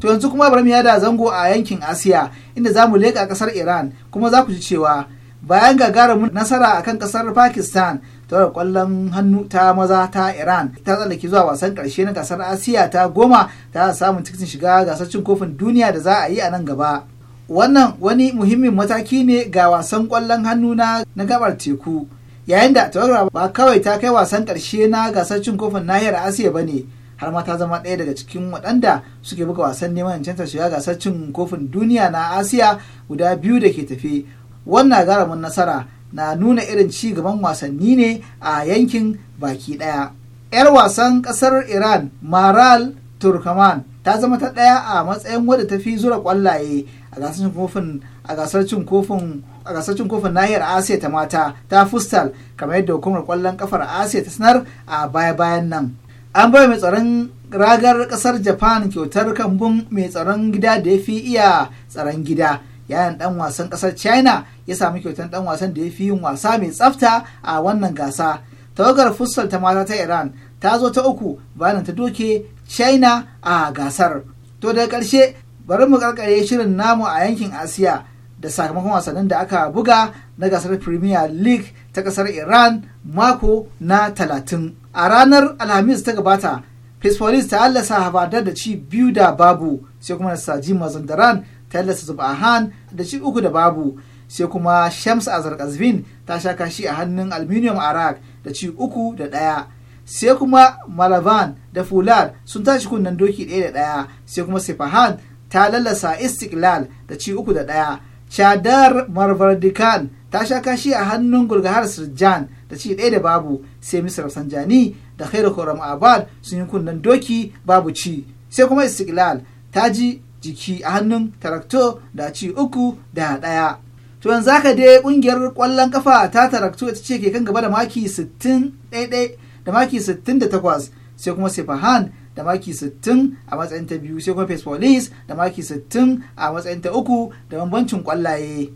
To yanzu kuma bari mu yada zango a yankin Asiya inda za mu leƙa ƙasar iran kuma za ku ji cewa bayan gagarumin nasara akan ƙasar pakistan tare kwallon hannu ta maza ta iran ta tsallake zuwa wasan ƙarshe na gasar asiya ta goma ta samun tikitin shiga gasar cin kofin duniya da za a yi a nan gaba wannan wani muhimmin mataki ne ga wasan kwallon hannu na gabar teku yayin da tawagar ba kawai ta kai wasan ƙarshe na gasar cin kofin nahiyar asiya ba ne har ma ta zama ɗaya daga cikin waɗanda suke buga wasan neman cancantar shiga gasar cin kofin duniya na asiya guda biyu da ke tafe wannan garamin nasara na nuna irin ci gaban wasanni ne a yankin baki ɗaya 'yar wasan ƙasar iran maral turkaman ta zama ta ɗaya a matsayin wadda ta fi zura kwallaye a gasar cin kofin a gasar cin kofin a gasar cin kofin nahiyar asiya ta mata ta fustal kamar yadda hukumar ƙwallon kafar asiya ta sanar a baya bayan nan an bai mai tsaron ragar kasar japan kyautar kambun mai tsaron gida da ya fi iya tsaron gida yayin dan wasan kasar china ya sami kyautar dan wasan da ya fi yin wasa mai tsafta a wannan gasa tawagar fussal ta mata ta iran ta zo ta uku bayan ta doke china a gasar to daga karshe bari mu karkare shirin namu a yankin asiya da sakamakon wasannin da aka buga na gasar premier league ta kasar iran mako na talatin a ranar alhamis ta gabata Persepolis ta allasa Habadar da ci biyu da babu sai kuma Saji Mazandaran ta a han da ci uku da babu sai kuma Shams Azarkazvin ta sha kashi a hannun Alminium Arak da ci uku da ɗaya sai kuma Malavan da Fular sun tashi kunnen doki ɗaya da ɗaya sai kuma Sefahan ta lallasa Istiklal da ci uku da ɗaya Chadar Marvardikan ta sha kashi a hannun Gulgahar Sirjan da ci ɗaya da babu sai misra sanjani da khairu khuram abad sun yi kunnan doki babu ci sai kuma istiklal ta ji jiki a hannun tarakto da ci uku da ɗaya to yanzu haka dai kungiyar kwallon kafa ta tarakto ita ce ke kan gaba da maki 60 da maki 68 sai kuma sefahan da maki 60 a matsayin ta biyu sai kuma police da maki 60 a matsayin ta uku da bambancin kwallaye.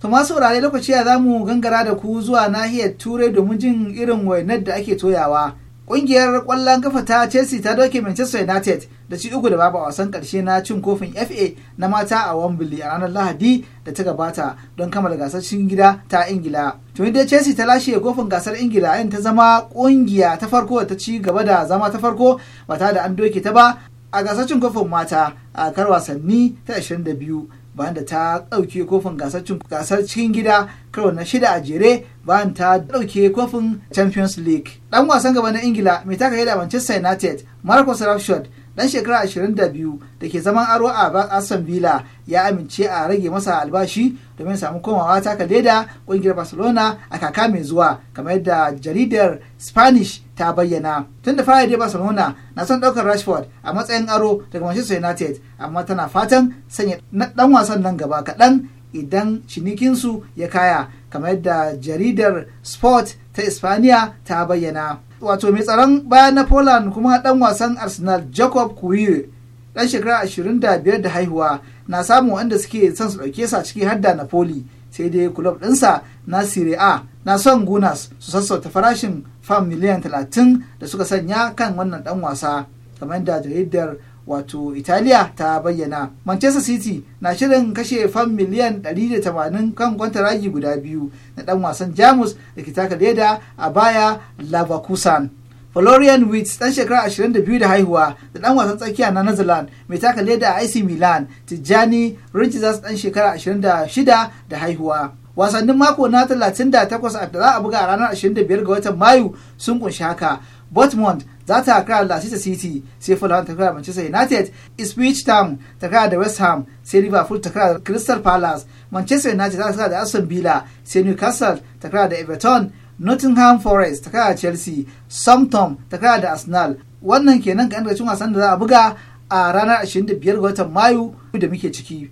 to masu wurare lokaci ya mu gangara da ku zuwa nahiyar turai domin jin irin wainar da ake toyawa ƙungiyar ƙwallon kafa ta chelsea ta doke manchester united da ci uku da babu a wasan karshe na cin kofin fa na mata a wembley a ranar lahadi da ta gabata don kammala gasar cikin gida ta ingila tuni dai chelsea ta lashe kofin gasar ingila yin ta zama ƙungiya ta farko da ta ci gaba da zama ta farko ba ta da an doke ta ba a gasar cin kofin mata a kar wasanni ta 22 bayan ta ɗauke kofin gasar cikin gida karo na shida a jere bayan ta ɗauke kofin champions league ɗan wasan gaba na ingila mai taka da manchester united marcus rashford dan shekara 22 da ke zaman aro a aston villa ya amince a rage masa albashi domin samu komawa taka leda kungiyar barcelona a kaka mai zuwa kamar yadda jaridar spanish ta bayyana tun da fara dai barcelona na son daukar rashford a matsayin aro daga manchester united amma tana fatan sanya dan wasan nan gaba kaɗan idan cinikinsu ya kaya kamar yadda jaridar sport ta ispaniya ta bayyana wato mai tsaron baya na poland kuma dan wasan arsenal jacob Kuwir, dan shekara 25 da haihuwa na samun wanda suke son su dauke sa ciki hadda napoli sai dai kulob dinsa na serie a na son gunas su sassauta farashin fam miliyan 30 da suka sanya kan wannan dan wasa kamar da jaridar wato italiya ta bayyana manchester city na shirin kashe fan miliyan 180 kan ragi guda biyu na dan wasan jamus da ke taka leda a baya leverkusen Florian Wirtz dan shekara 22 da haihuwa da dan wasan tsakiya na Netherlands mai taka leda a AC Milan Tijjani Rijizas dan shekara 26 da haihuwa. Wasannin mako na 38 da za a buga a ranar 25 ga watan Mayu sun kunshi haka. Dortmund za ta kara da Leicester City sai Fulham ta kara Manchester United, Ipswich Town ta kara da West Ham sai Liverpool ta kara da Crystal Palace, Manchester United za ta kara da Aston Villa sai Newcastle ta kara da Everton, Nottingham Forest ta kara da Chelsea, Southampton ta kara da Arsenal. Wannan kenan ga cikin wasan da za a buga a ranar 25 ga watan Mayu da muke ciki.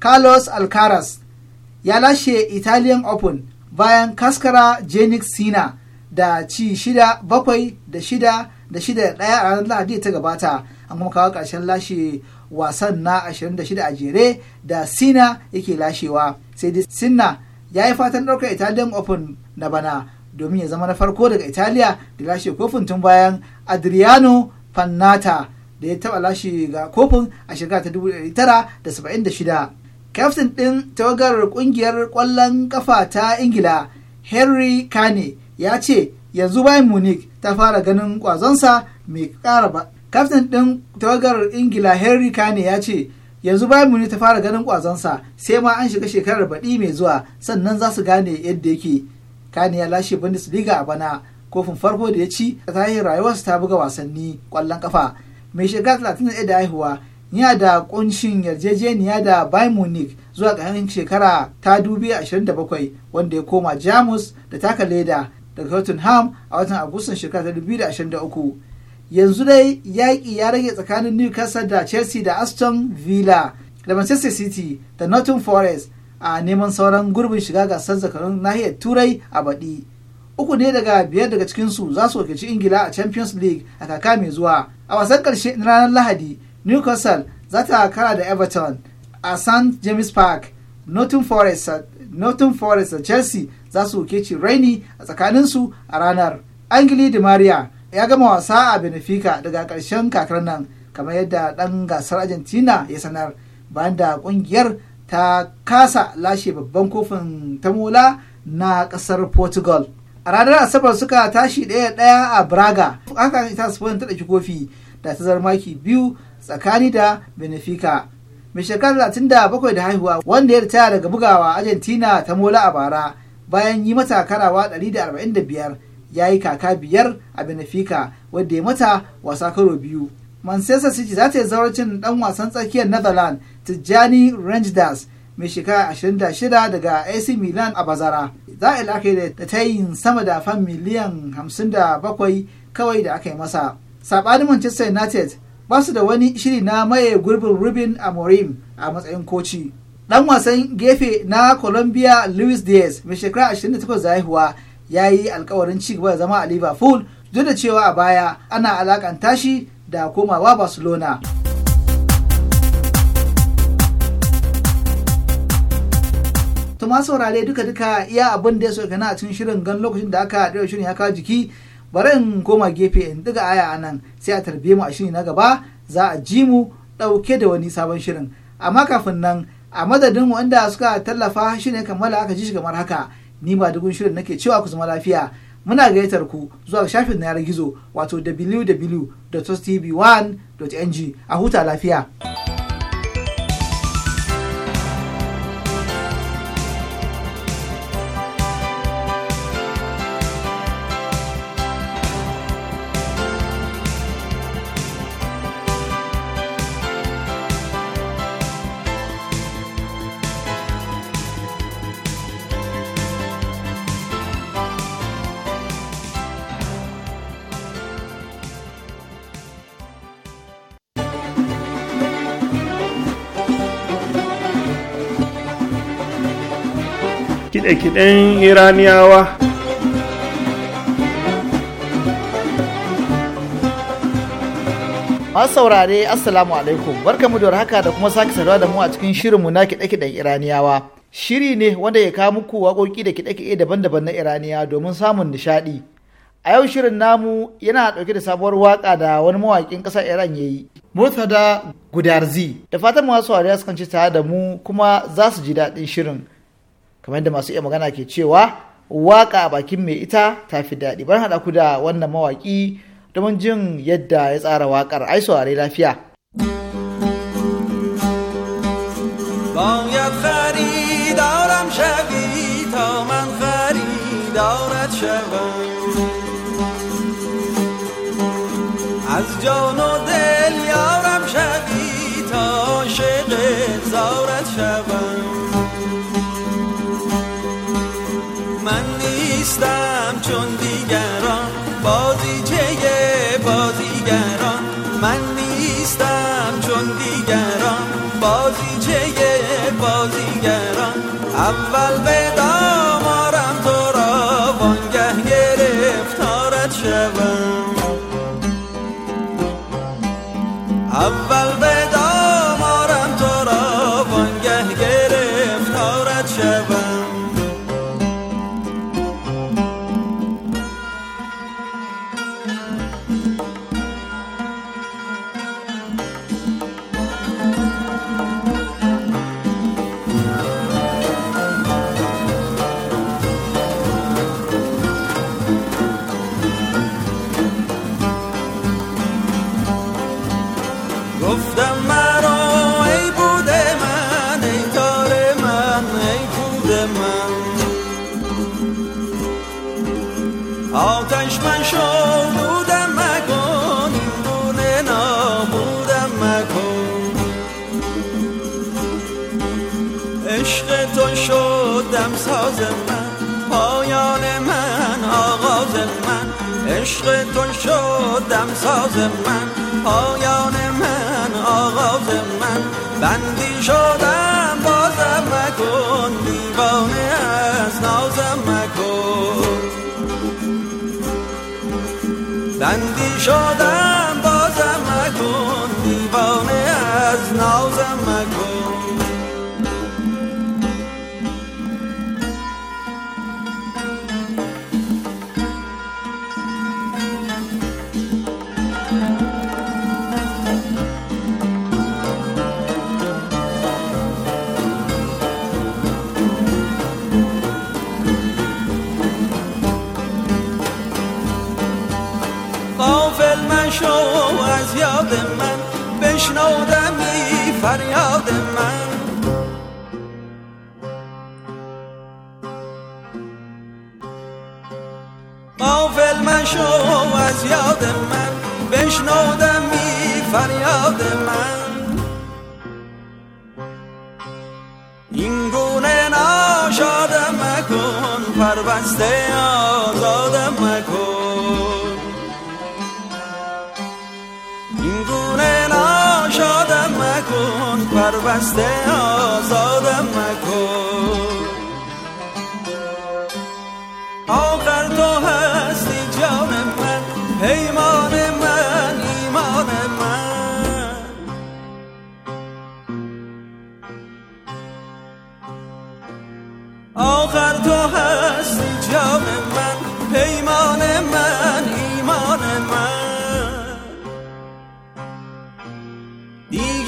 Carlos Alcaraz ya lashe italian open bayan kaskara jenik sina da ci shida bakwai da shida da shida da ɗaya a ranar lahadi ta gabata an kuma kawo ƙarshen lashe wasan na 26 a jere da sina yake lashewa sai dai sina ya yi fatan ɗaukar italian open na bana domin ya zama na farko daga italiya da lashe kofin tun bayan adriano Fannata da ya taɓa lashe ga kofin a shekara ta 1976 kaftin ɗin tawagar ƙungiyar ƙwallon kafa ta ingila henry kane ya ce yanzu bayan munich ta fara ganin ƙwazonsa mai ƙara ba kaftin ɗin tawagar ingila henry kane ya ce yanzu bayan munich ta fara ganin ƙwazonsa sai ma an shiga shekarar baɗi mai zuwa sannan za su gane yadda yake kane ya lashe bundesliga a bana kofin farko da ya ci a tarihin rayuwarsa ta buga wasanni ƙwallon kafa mai shiga 31 da haihuwa yana da kunshin yarjejeniya da bayern munich zuwa ƙarshen shekara ta 2027 wanda ya koma jamus da taka leda daga tottenham a watan agustan shekara ta 2023 yanzu dai yaƙi ya rage tsakanin newcastle da chelsea da aston villa da manchester city da Nottingham forest a neman sauran gurbin shiga gasar zakarun nahiyar turai a baɗi uku ne daga biyar daga cikinsu za su wakilci ingila a champions league a kaka mai zuwa a wasan ƙarshe na ranar lahadi newcastle za ta kara da everton a st james park northern forest da chelsea za su keci raini a tsakaninsu a ranar angeli di maria ya gama wasa a benefica daga ƙarshen kakar nan kamar yadda ɗan gasar argentina ya sanar bayan da ƙungiyar ta kasa lashe babban kofin Mula na ƙasar portugal a ranar asabar suka tashi ɗaya ɗaya a braga haka ita spain ta ɗauki kofi da ta zarmaki biyu tsakani da benefica mai shekarar 37 da haihuwa wanda ya ritaya daga bugawa argentina ta mola a bara bayan yi mata karawa 145 ya yi kaka biyar a benefica wadda ya mata wasa karo biyu manchester city za ta yi zauracin dan wasan tsakiyar netherlands tijjani rangers mai shekara 26 daga AC Milan a bazara. Za a yi da ta yi sama da fan miliyan 57 kawai da aka yi masa. Saɓanin Manchester United ba su da wani shiri na maye gurbin rubin a amorim a matsayin koci dan wasan gefe na colombia louis diaz mai shekara 28 haihuwa ya yi alkawarin ci gaba da zama a liverpool duk da cewa a baya ana alakanta shi da komawa barcelona to saurare duka duka iya abin da ya so gana a cikin shirin gan lokacin da aka ɗaya shirin ya kawo jiki bari in koma gefe in diga aya a nan sai a tarbe mu a shiri na gaba za a ji mu ɗauke da wani sabon shirin amma kafin nan a madadin wanda suka tallafa shi ne kammala aka ji shi kamar haka ni ba dugun shirin nake cewa ku zama lafiya muna gayyatar ku zuwa shafin na yanar gizo wato www.tv1.ng a huta lafiya. kide-kiden iraniyawa masu saurare assalamu alaikum barkamu da haka da kuma sake saduwa da mu a cikin shirinmu na kiɗe-kiɗen iraniyawa shiri ne wanda ya kawo muku waƙoƙi da kide-kide daban-daban na iraniya domin samun nishaɗi a yau shirin namu yana ɗauke da sabuwar waƙa da wani mawaƙin ƙasar iran ya yi murtada gudarzi da fatan masu saurare sukan ci tare da mu kuma za su ji daɗin shirin kamar yadda masu iya magana ke cewa waka a bakin mai ita ta fi daɗi bari haɗa ku da wannan mawaƙi domin jin yadda ya tsara waƙar ai saurare lafiya بازیگران اول به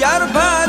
yarba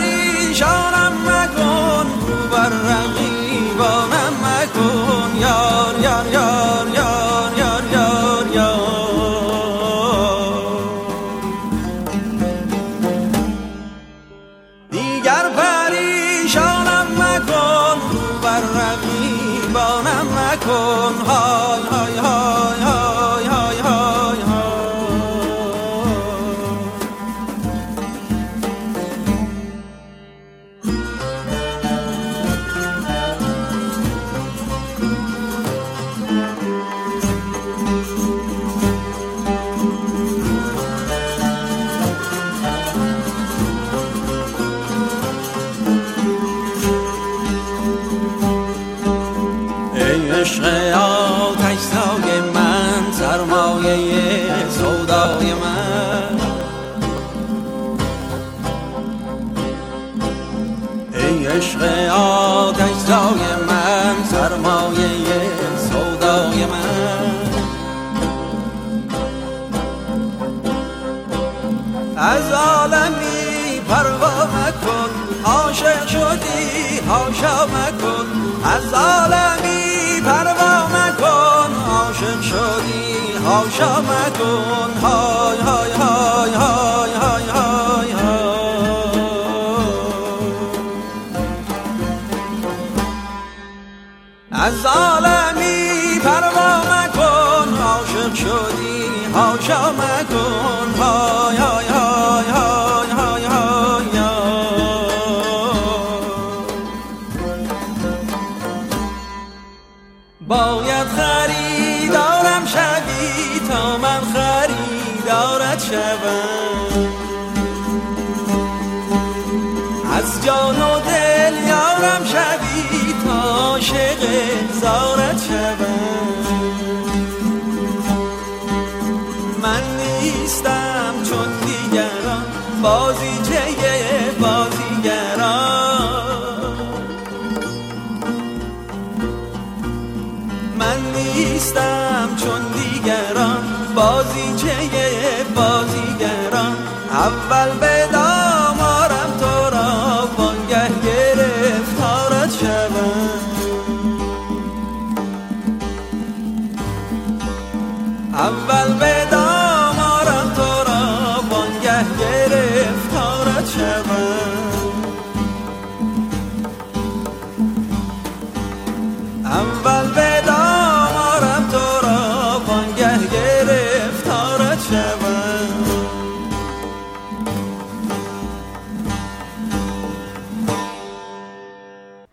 من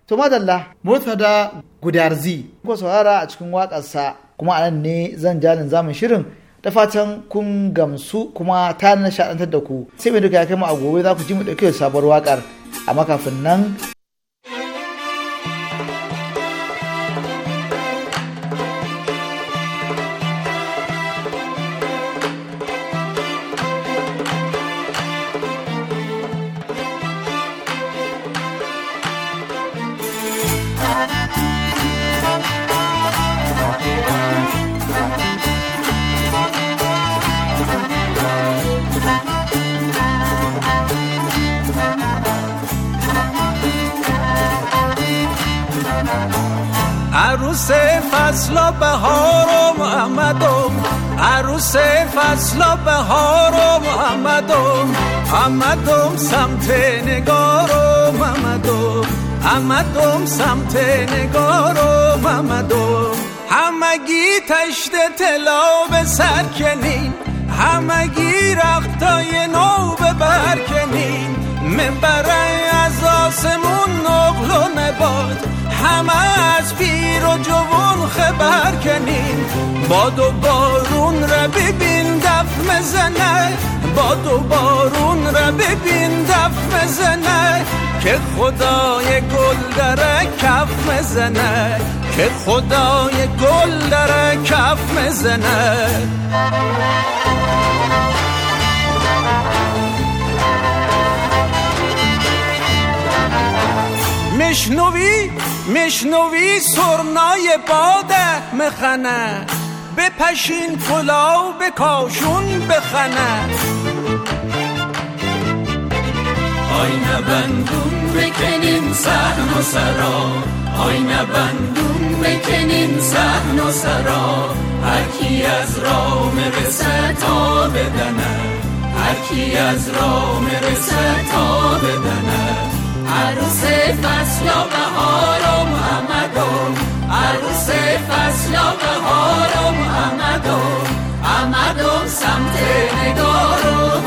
to madalla murtada gudarzi ko saurara a cikin waƙarsa kuma anan ne zan jalin zamun shirin da fatan kun gamsu kuma ta nishaɗantar da ku sai mai duka ya kai mu a gobe za ku ji mu ɗauke da sabuwar waƙar amma kafin nan فصل بهارم آمدم عروس فصل و آمدم آمدم سمت نگارم آمدم آمدم سمت نگارم آمدم همگی تشت تلا به سر کنین همگی رختای نو به بر کنین از آسمون نقل و نباد همه از پیر و جوون خبر کنیم باد و بارون را ببین دف مزنه باد و بارون را ببین دف مزنه که خدای گل در کف مزنه که خدای گل داره کف مزنه میشنوی مشنوی سرنای باده مخنه بپشین کلاو به کاشون بخنه آی نبندون بکنیم سحن و سرا آی نبندون بکنیم سحن و سرا هرکی از را مرسه تا بدنه هرکی از را مرسه تا بدنه عروس فصل و بهار و محمدم عروس فصل و بهار و محمدم و سمت نگار و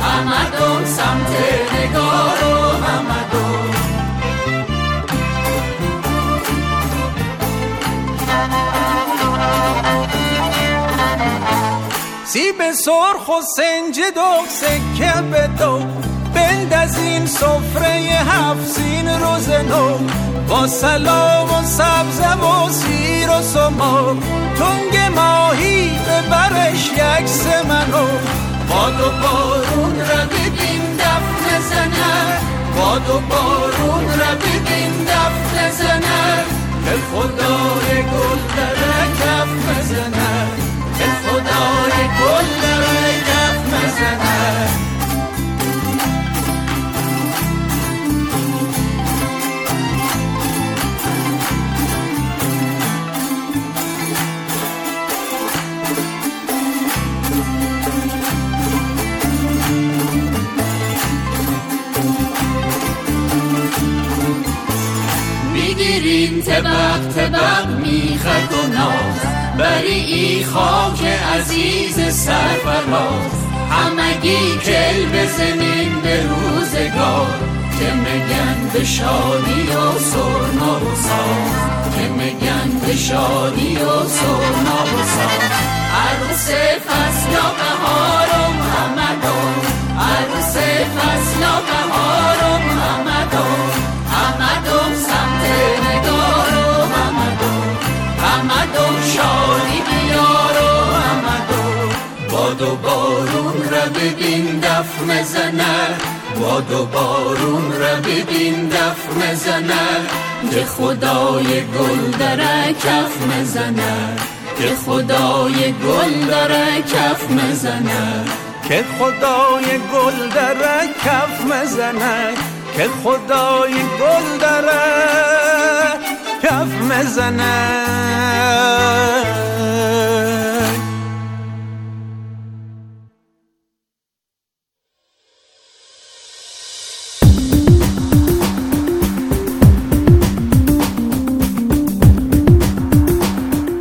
محمدم سمت نگار و محمدم سیب سرخ و سنج دو سکه به دو صفره سفره هفزین روز نو با سلام و سبزم و سیر و سما تنگ ماهی به برش یک سمنو باد و بارون را ببین دف نزنه باد و بارون را ببین دف نزنه که خدای گل دره کف نزنه که خدای گل وقت بق میخک و ناز بری ای خاک عزیز سرفراز همگی کل بزنین به روزگار که میگن به شادی و سرنا و ساز که میگن به شادی و سرنا و ساز عروس فصل یا بهار باد و بارون را ببین دف مزنه باد و بارون را ببین دف مزنه که خدای گل داره کف مزنه که خدای گل داره کف مزنه که خدای گل داره کف مزنه که خدای گل داره کف مزنه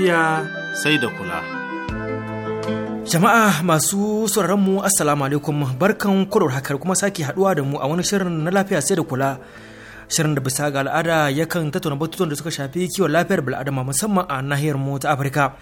lafiya sai da kula. Jama'a masu sauraron mu Assalamu alaikum barkan kurar hakar kuma sake haduwa da mu a wani shirin na lafiya sai da kula. Shirin da bisa ga al'ada yakan tattauna batutuwan da suka shafi kiwon lafiyar bil'adama musamman a nahiyar mu ta Afirka.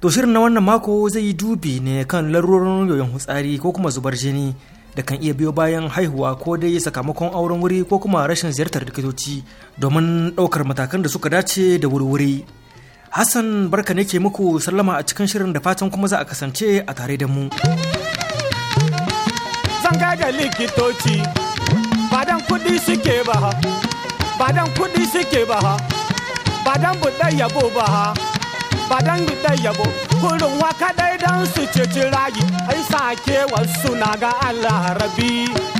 To shirin na wannan mako zai yi dubi ne kan larurorin yoyon hutsari ko kuma zubar jini da kan iya biyo bayan haihuwa ko dai sakamakon auren wuri ko kuma rashin ziyartar likitoci domin ɗaukar matakan da suka dace da wuri-wuri. Hassan barka ne ke muku sallama a cikin shirin da fatan kuma za a kasance a tare da mu. Zanga da likitoci, badan kudi suke ba ha, badan kudi suke ba ha, badan budan yabo ba ha, badan budan yabo, kurin waka dai don su ceci rayu, ai sake wasu na ga Allah rabi.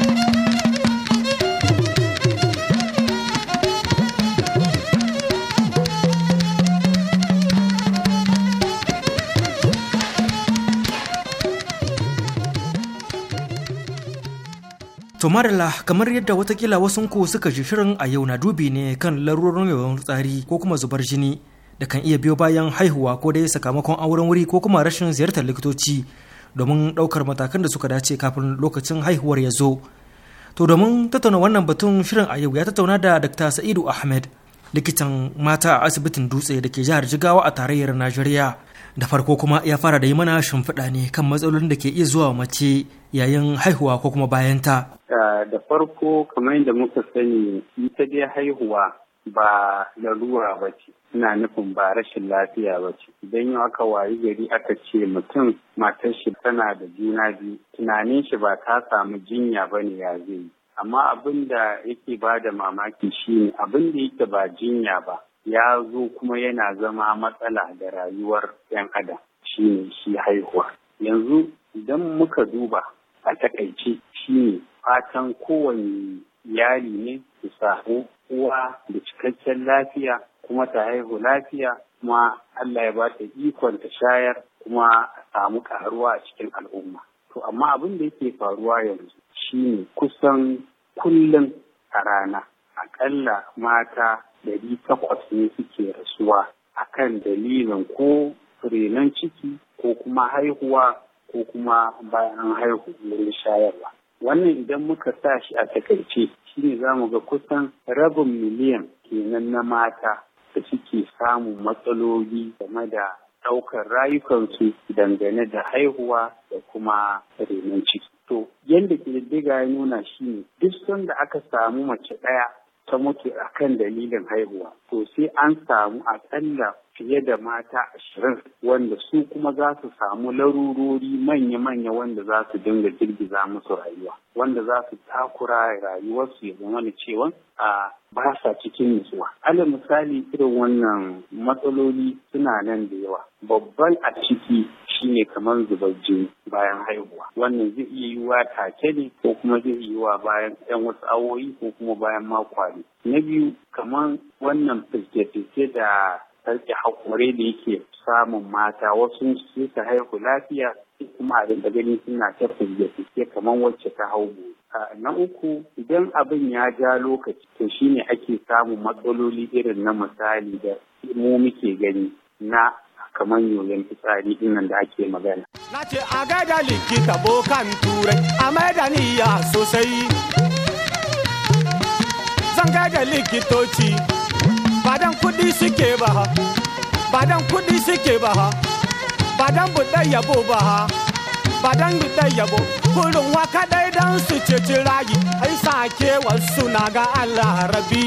To marala kamar yadda watakila wasunku suka ji shirin a yau na dubi ne kan larurorin yawan tsari ko kuma zubar jini da kan iya biyo bayan haihuwa ko dai sakamakon auren wuri ko kuma rashin ziyartar likitoci domin ɗaukar matakan da suka dace kafin lokacin haihuwar ya zo. To domin tattauna wannan batun shirin a yau ya tattauna da Dr. Sa'idu Ahmed likitan mata a asibitin dutse da ke jihar Jigawa a tarayyar Najeriya. da farko kuma ya fara da yi mana shimfiɗa ne kan matsalolin da ke iya zuwa mace yayin haihuwa ko kuma bayan ta eh, da farko kamar yadda muka sani ita dai haihuwa ba larura ba ce ina nufin ba rashin lafiya ba ce idan yau aka wayi gari aka ce mutum matar shi tana da juna biyu tunanin shi ba ta samu jinya ba ne ya zai amma abin da yake ba da mamaki ne, abin da yake ba jinya ba ya zo kuma yana zama matsala da rayuwar 'yan adam shi ne shi haihuwa yanzu idan muka duba a takaice shi ne fatan kowane yari ne su samu uwa da cikakken lafiya kuma ta haihu lafiya kuma Allah ya ba ta ikon ta shayar kuma a samu karuwa a cikin al'umma to amma abin da yake faruwa yanzu Shi ne kusan kullum a rana akalla mata ɗari takwas ne suke rasuwa a kan dalilin ko renon ciki ko kuma haihuwa ko kuma bayan haihuwar haihu wurin shayarwa. Wannan idan muka sa shi a takaice shi ne za mu ga kusan rabin miliyan kenan na mata da suke samun matsaloli game da ɗaukar rayukansu dangane da haihuwa da kuma renon ciki. To, yadda ƙididdiga ya nuna shi ne, duk sanda aka samu mace ɗaya ta mutu akan dalilin haihuwa to sai an samu akalla fiye da mata ashirin wanda su kuma za su samu larurori manya-manya wanda za su dinga girgiza musu rayuwa wanda za su takura rayuwarsu ya zama da cewa a ba sa cikin nutsuwa. ala misali irin wannan matsaloli suna nan da yawa. Babban a ciki shine kamar zubar jini bayan haihuwa. Wannan zai iya yiwuwa take ne ko kuma zai yiwuwa bayan 'yan wasu awoyi ko kuma bayan makwari. Na biyu kamar wannan fiske-fiske da sarki haƙure da yake samun mata wasu ta haihu lafiya kuma abin da gani suna ta suke kamar wacce ta hau na uku idan abin ya ja lokaci to shine ake samun matsaloli irin na misali da mu muke gani na kamar yoyon fitsari dinnan da ake magana. Na ce a gaida likita bokan turai a maida sosai. Zan gaida likitoci kuɗi suke ba ha ba dan kuɗi suke ba ha ba dan buɗe yabo ba ha ba dan buɗe yabo kurin waka dai dan su ceci rayi ai sake wasu na ga Allah rabi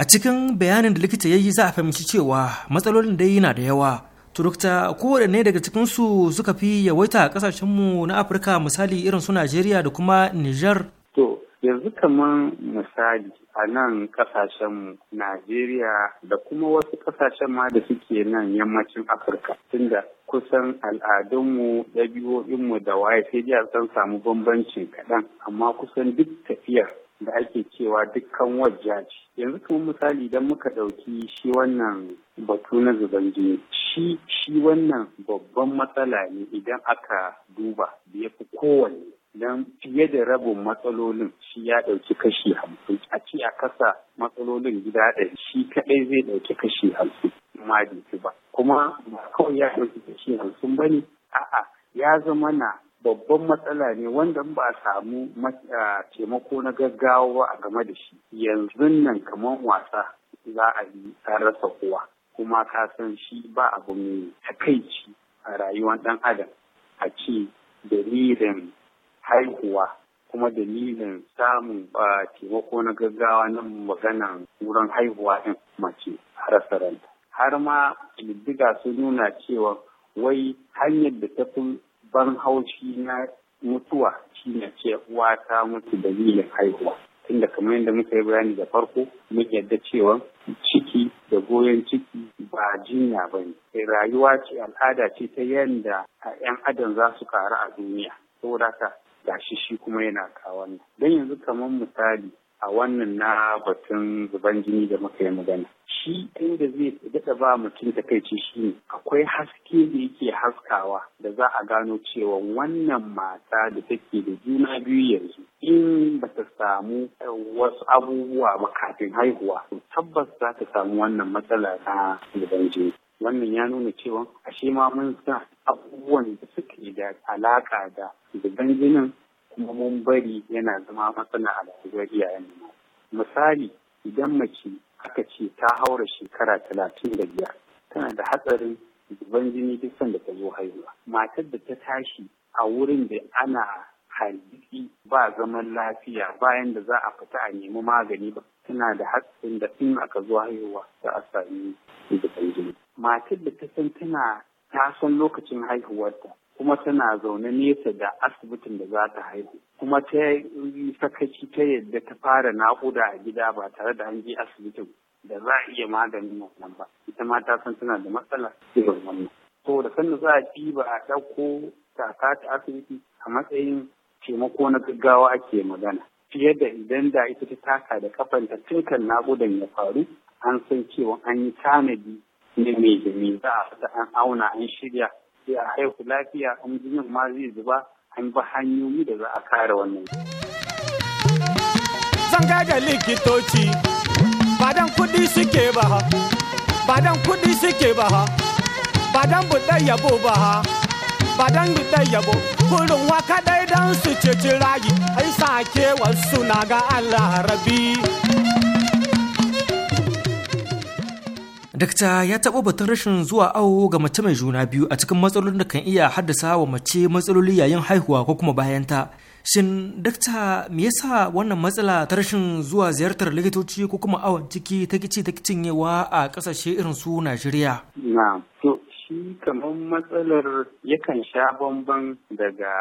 a cikin bayanin da likita yayi za a fahimci cewa matsalolin dai yana da yawa turukta ne daga cikinsu suka fi yawaita a kasashenmu na afirka misali irin su najeriya da kuma niger yanzu kamar misali a nan kasashen najeriya da kuma wasu kasashen ma da suke nan yammacin afirka tunda kusan al'adunmu ɗabi'o'inmu da waye sai dai san samu bambancin kaɗan amma kusan duk tafiyar da ake cewa dukkan wajaji ce yanzu kamar misali idan muka ɗauki shi wannan batu na zuban jini shi shi wannan babban matsala ne idan aka duba da ya fi kowanne don fiye da rabin matsalolin shi ya ɗauki kashi hamsin a ce a kasa matsalolin gida ɗari shi kaɗai zai ɗauki kashi hamsin ma ba kuma ba kawai ya ɗauki kashi hamsin ba ne a'a ya zama na babban matsala ne wanda ba a samu taimako na gaggawa a game da shi yanzu nan kamar wasa za a yi an rasa kowa kuma ka san shi ba abu mai takaici a rayuwar ɗan adam a ce dalilin haihuwa kuma dalilin samun ba ah, taimako na gaggawa na maganan wurin haihuwa ɗin mace rasa ranta. Har ma diddiga sun nuna cewa wai hanyar da ta fi ban haushi na mutuwa shine ce uwa ta mutu dalilin haihuwa. Tunda kamar yadda muka yi bayani da farko mun yadda cewa ciki da goyon ciki ba jinya ba ne. Rayuwa ce al'ada ce ta yadda 'yan adam za su karu a duniya. Saboda haka gashi shi kuma yana kawan don yanzu kamar misali a wannan na batun zuban jini da muka yi magana shi inda zai daɗa ba mutum takaici shi ne akwai haske da yake haskawa da za a gano cewa wannan mata da take da juna biyu yanzu in ba ta samu wasu abubuwa ba kafin haihuwa tabbas za ta samu wannan matsala na zuban jini wannan ya nuna cewa a shi ma mun sa abubuwan da suke da alaka da zuban jinin kuma mun bari yana zama matsala a rayuwar iyayen misali idan mace aka ce ta haura shekara talatin da biyar tana da hatsarin zuban jini duk sanda ta zo haihuwa matar da ta tashi a wurin da ana hargitsi ba zaman lafiya bayan da za a fita a nemi magani ba tana da hatsarin da in aka zo haihuwa za a sami zuban jini matar da ta san tana ta san lokacin haihuwarta kuma tana zaune nesa da asibitin da za ta haihu kuma ta yi sakaci ta yadda ta fara naƙuda a gida ba tare da an je asibitin da za a iya maganin wannan ba ita ma ta san tana da matsala irin wannan sanda za a ba a ɗauko kaka ta asibiti a matsayin taimako na gaggawa ake magana fiye da idan da ita ta taka da kafanta tun kan naƙudan ya faru an san cewa an yi tanadi ne mai jini za a fita an auna an shirya sai a haihu lafiya an jinin ma zai zuba an bi hanyoyi da za a kare wannan. Zan da likitoci badan kudi suke ba ha badan kudi suke ba ha badan buɗe yabo ba ha badan buɗe yabo kurin waka dai dan su ceci rayu ai sake wasu na ga Allah rabi. Dakta ya taɓa batun rashin zuwa awo ga mace mai juna biyu a cikin matsalolin da kan iya haddasa wa mace matsaloli yayin haihuwa ko kuma bayanta. Shin dakta me yasa wannan matsala ta rashin zuwa ziyartar likitoci ko kuma awon ciki ta kici ta cinyewa a ƙasashe irin su Najeriya? Na, to shi kamar matsalar yakan sha bamban daga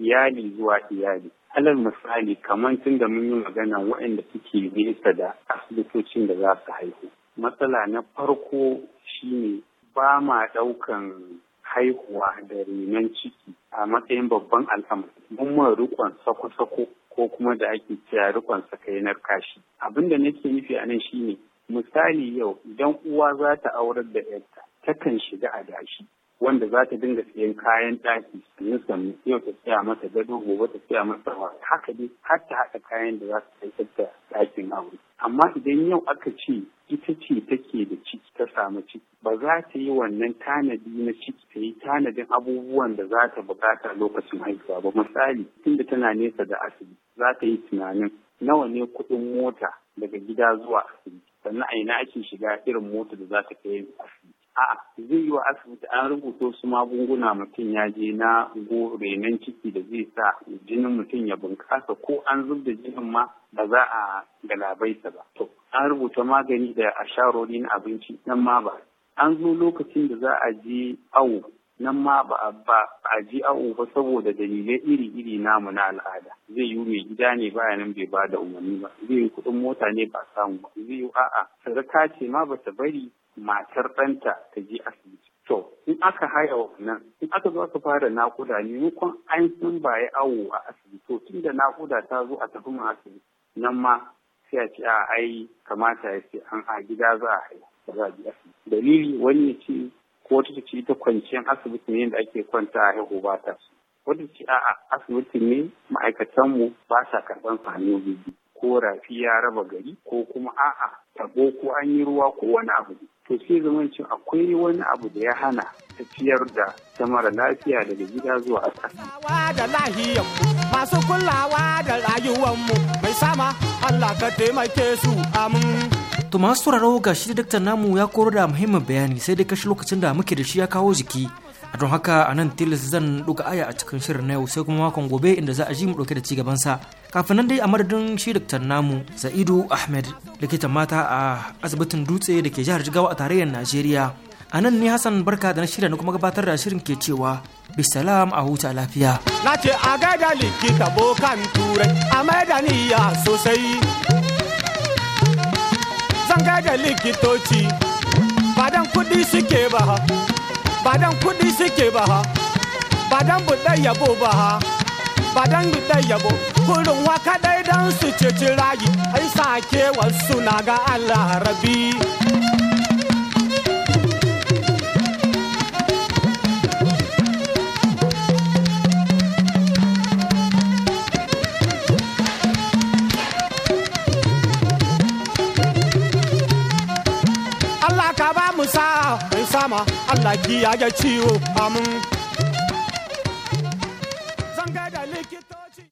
iyali zuwa iyali. alal misali kamar tun da mun yi magana waɗanda suke nesa da asibitocin da za su haihu matsala na farko shine ba ma ɗaukan haihuwa da renon ciki a matsayin babban al'amari mun ma rikon sako-sako ko kuma da ake cewa rikon sakainar kashi abin da nake nufi a nan shine misali yau idan uwa za ta aurar da yarta takan shiga a dashi wanda za ta dinga siyan kayan ɗaki sannu yau ta siya masa gado gobe ta siya masa wa haka dai har ta haɗa kayan da za su kai ta ɗakin aure amma idan yau aka ce ita ce take da ciki ta samu ciki ba za ta yi wannan tanadi na ciki ta yi tanadin abubuwan da za ta bukata lokacin haihuwa ba misali tunda tana nesa da asibiti za ta yi tunanin nawa ne kuɗin mota daga gida zuwa asibiti sannan a ina ake shiga irin mota da za ta kai asibiti A'a zai yi wa asibiti an rubuta su magunguna mutum ya je na renon ciki da zai sa jinin mutum ya bunƙasa ko an zub da jinin ma ba za a galabaita ba. To an rubuta magani da a sharori na abinci nan ma ba. An zo lokacin da za a je awo nan ma ba a ji awo ba saboda dalilai iri-iri namu na al'ada zai yi mai gida ne baya nan bai ba da umarni ba zai yi kuɗin mota ne ba samu ba zai yi a'a sadaka ce ma ba ta bari matar ɗanta ta je asibiti. To, in aka haya wannan, in aka zo aka fara naƙuda maimakon an san ba ya awo a asibiti, to tun da naƙuda ta zo a tafi mu asibiti, nan ma sai a ce a ai kamata ya ce an a gida za a haya, ba za a je asibiti. Dalili wani ya ce ko wata ta ce ita kwanciyar asibiti ne da ake kwanta a haihu ba ta su. Wata ce a asibiti ne ma'aikatanmu ba sa karɓar hannu ko rafi ya raba gari ko kuma a'a tabo ko an yi ruwa ko wani abu to sai zama cin akwai wani abu da ya hana tafiyar da ta mara lafiya daga gida zuwa asibiti. da masu kulawa da rayuwanmu mai sama Allah ka taimake su amin. To masu sauraro ga shi da daktar namu ya koro da muhimmin bayani sai dai kashi lokacin da muke da shi ya kawo jiki. a don haka a nan tilis zan duka aya a cikin shirin na yau sai kuma makon gobe inda za a ji mu dauke da cigaban sa kafin nan dai a madadin shi daktar namu sa'idu ahmed likitan mata a asibitin dutse da ke jihar jigawa a tarayyar najeriya a nan ne hassan barka da na shirya na kuma gabatar da shirin ke cewa bisalam a huta lafiya na ce a gaida likita bokan turai a maida niyya sosai zan gaida likitoci ba dan kuɗi suke ba ba dan kuɗi suke ba ha ba dan buɗe yabo ba ha ba dan buɗe yabo kurin waka dai dan su ceci rayu ai sake wasu na ga Allah rabi. sama Allah kiyaye ciwo amin. Zan gaida likitoci.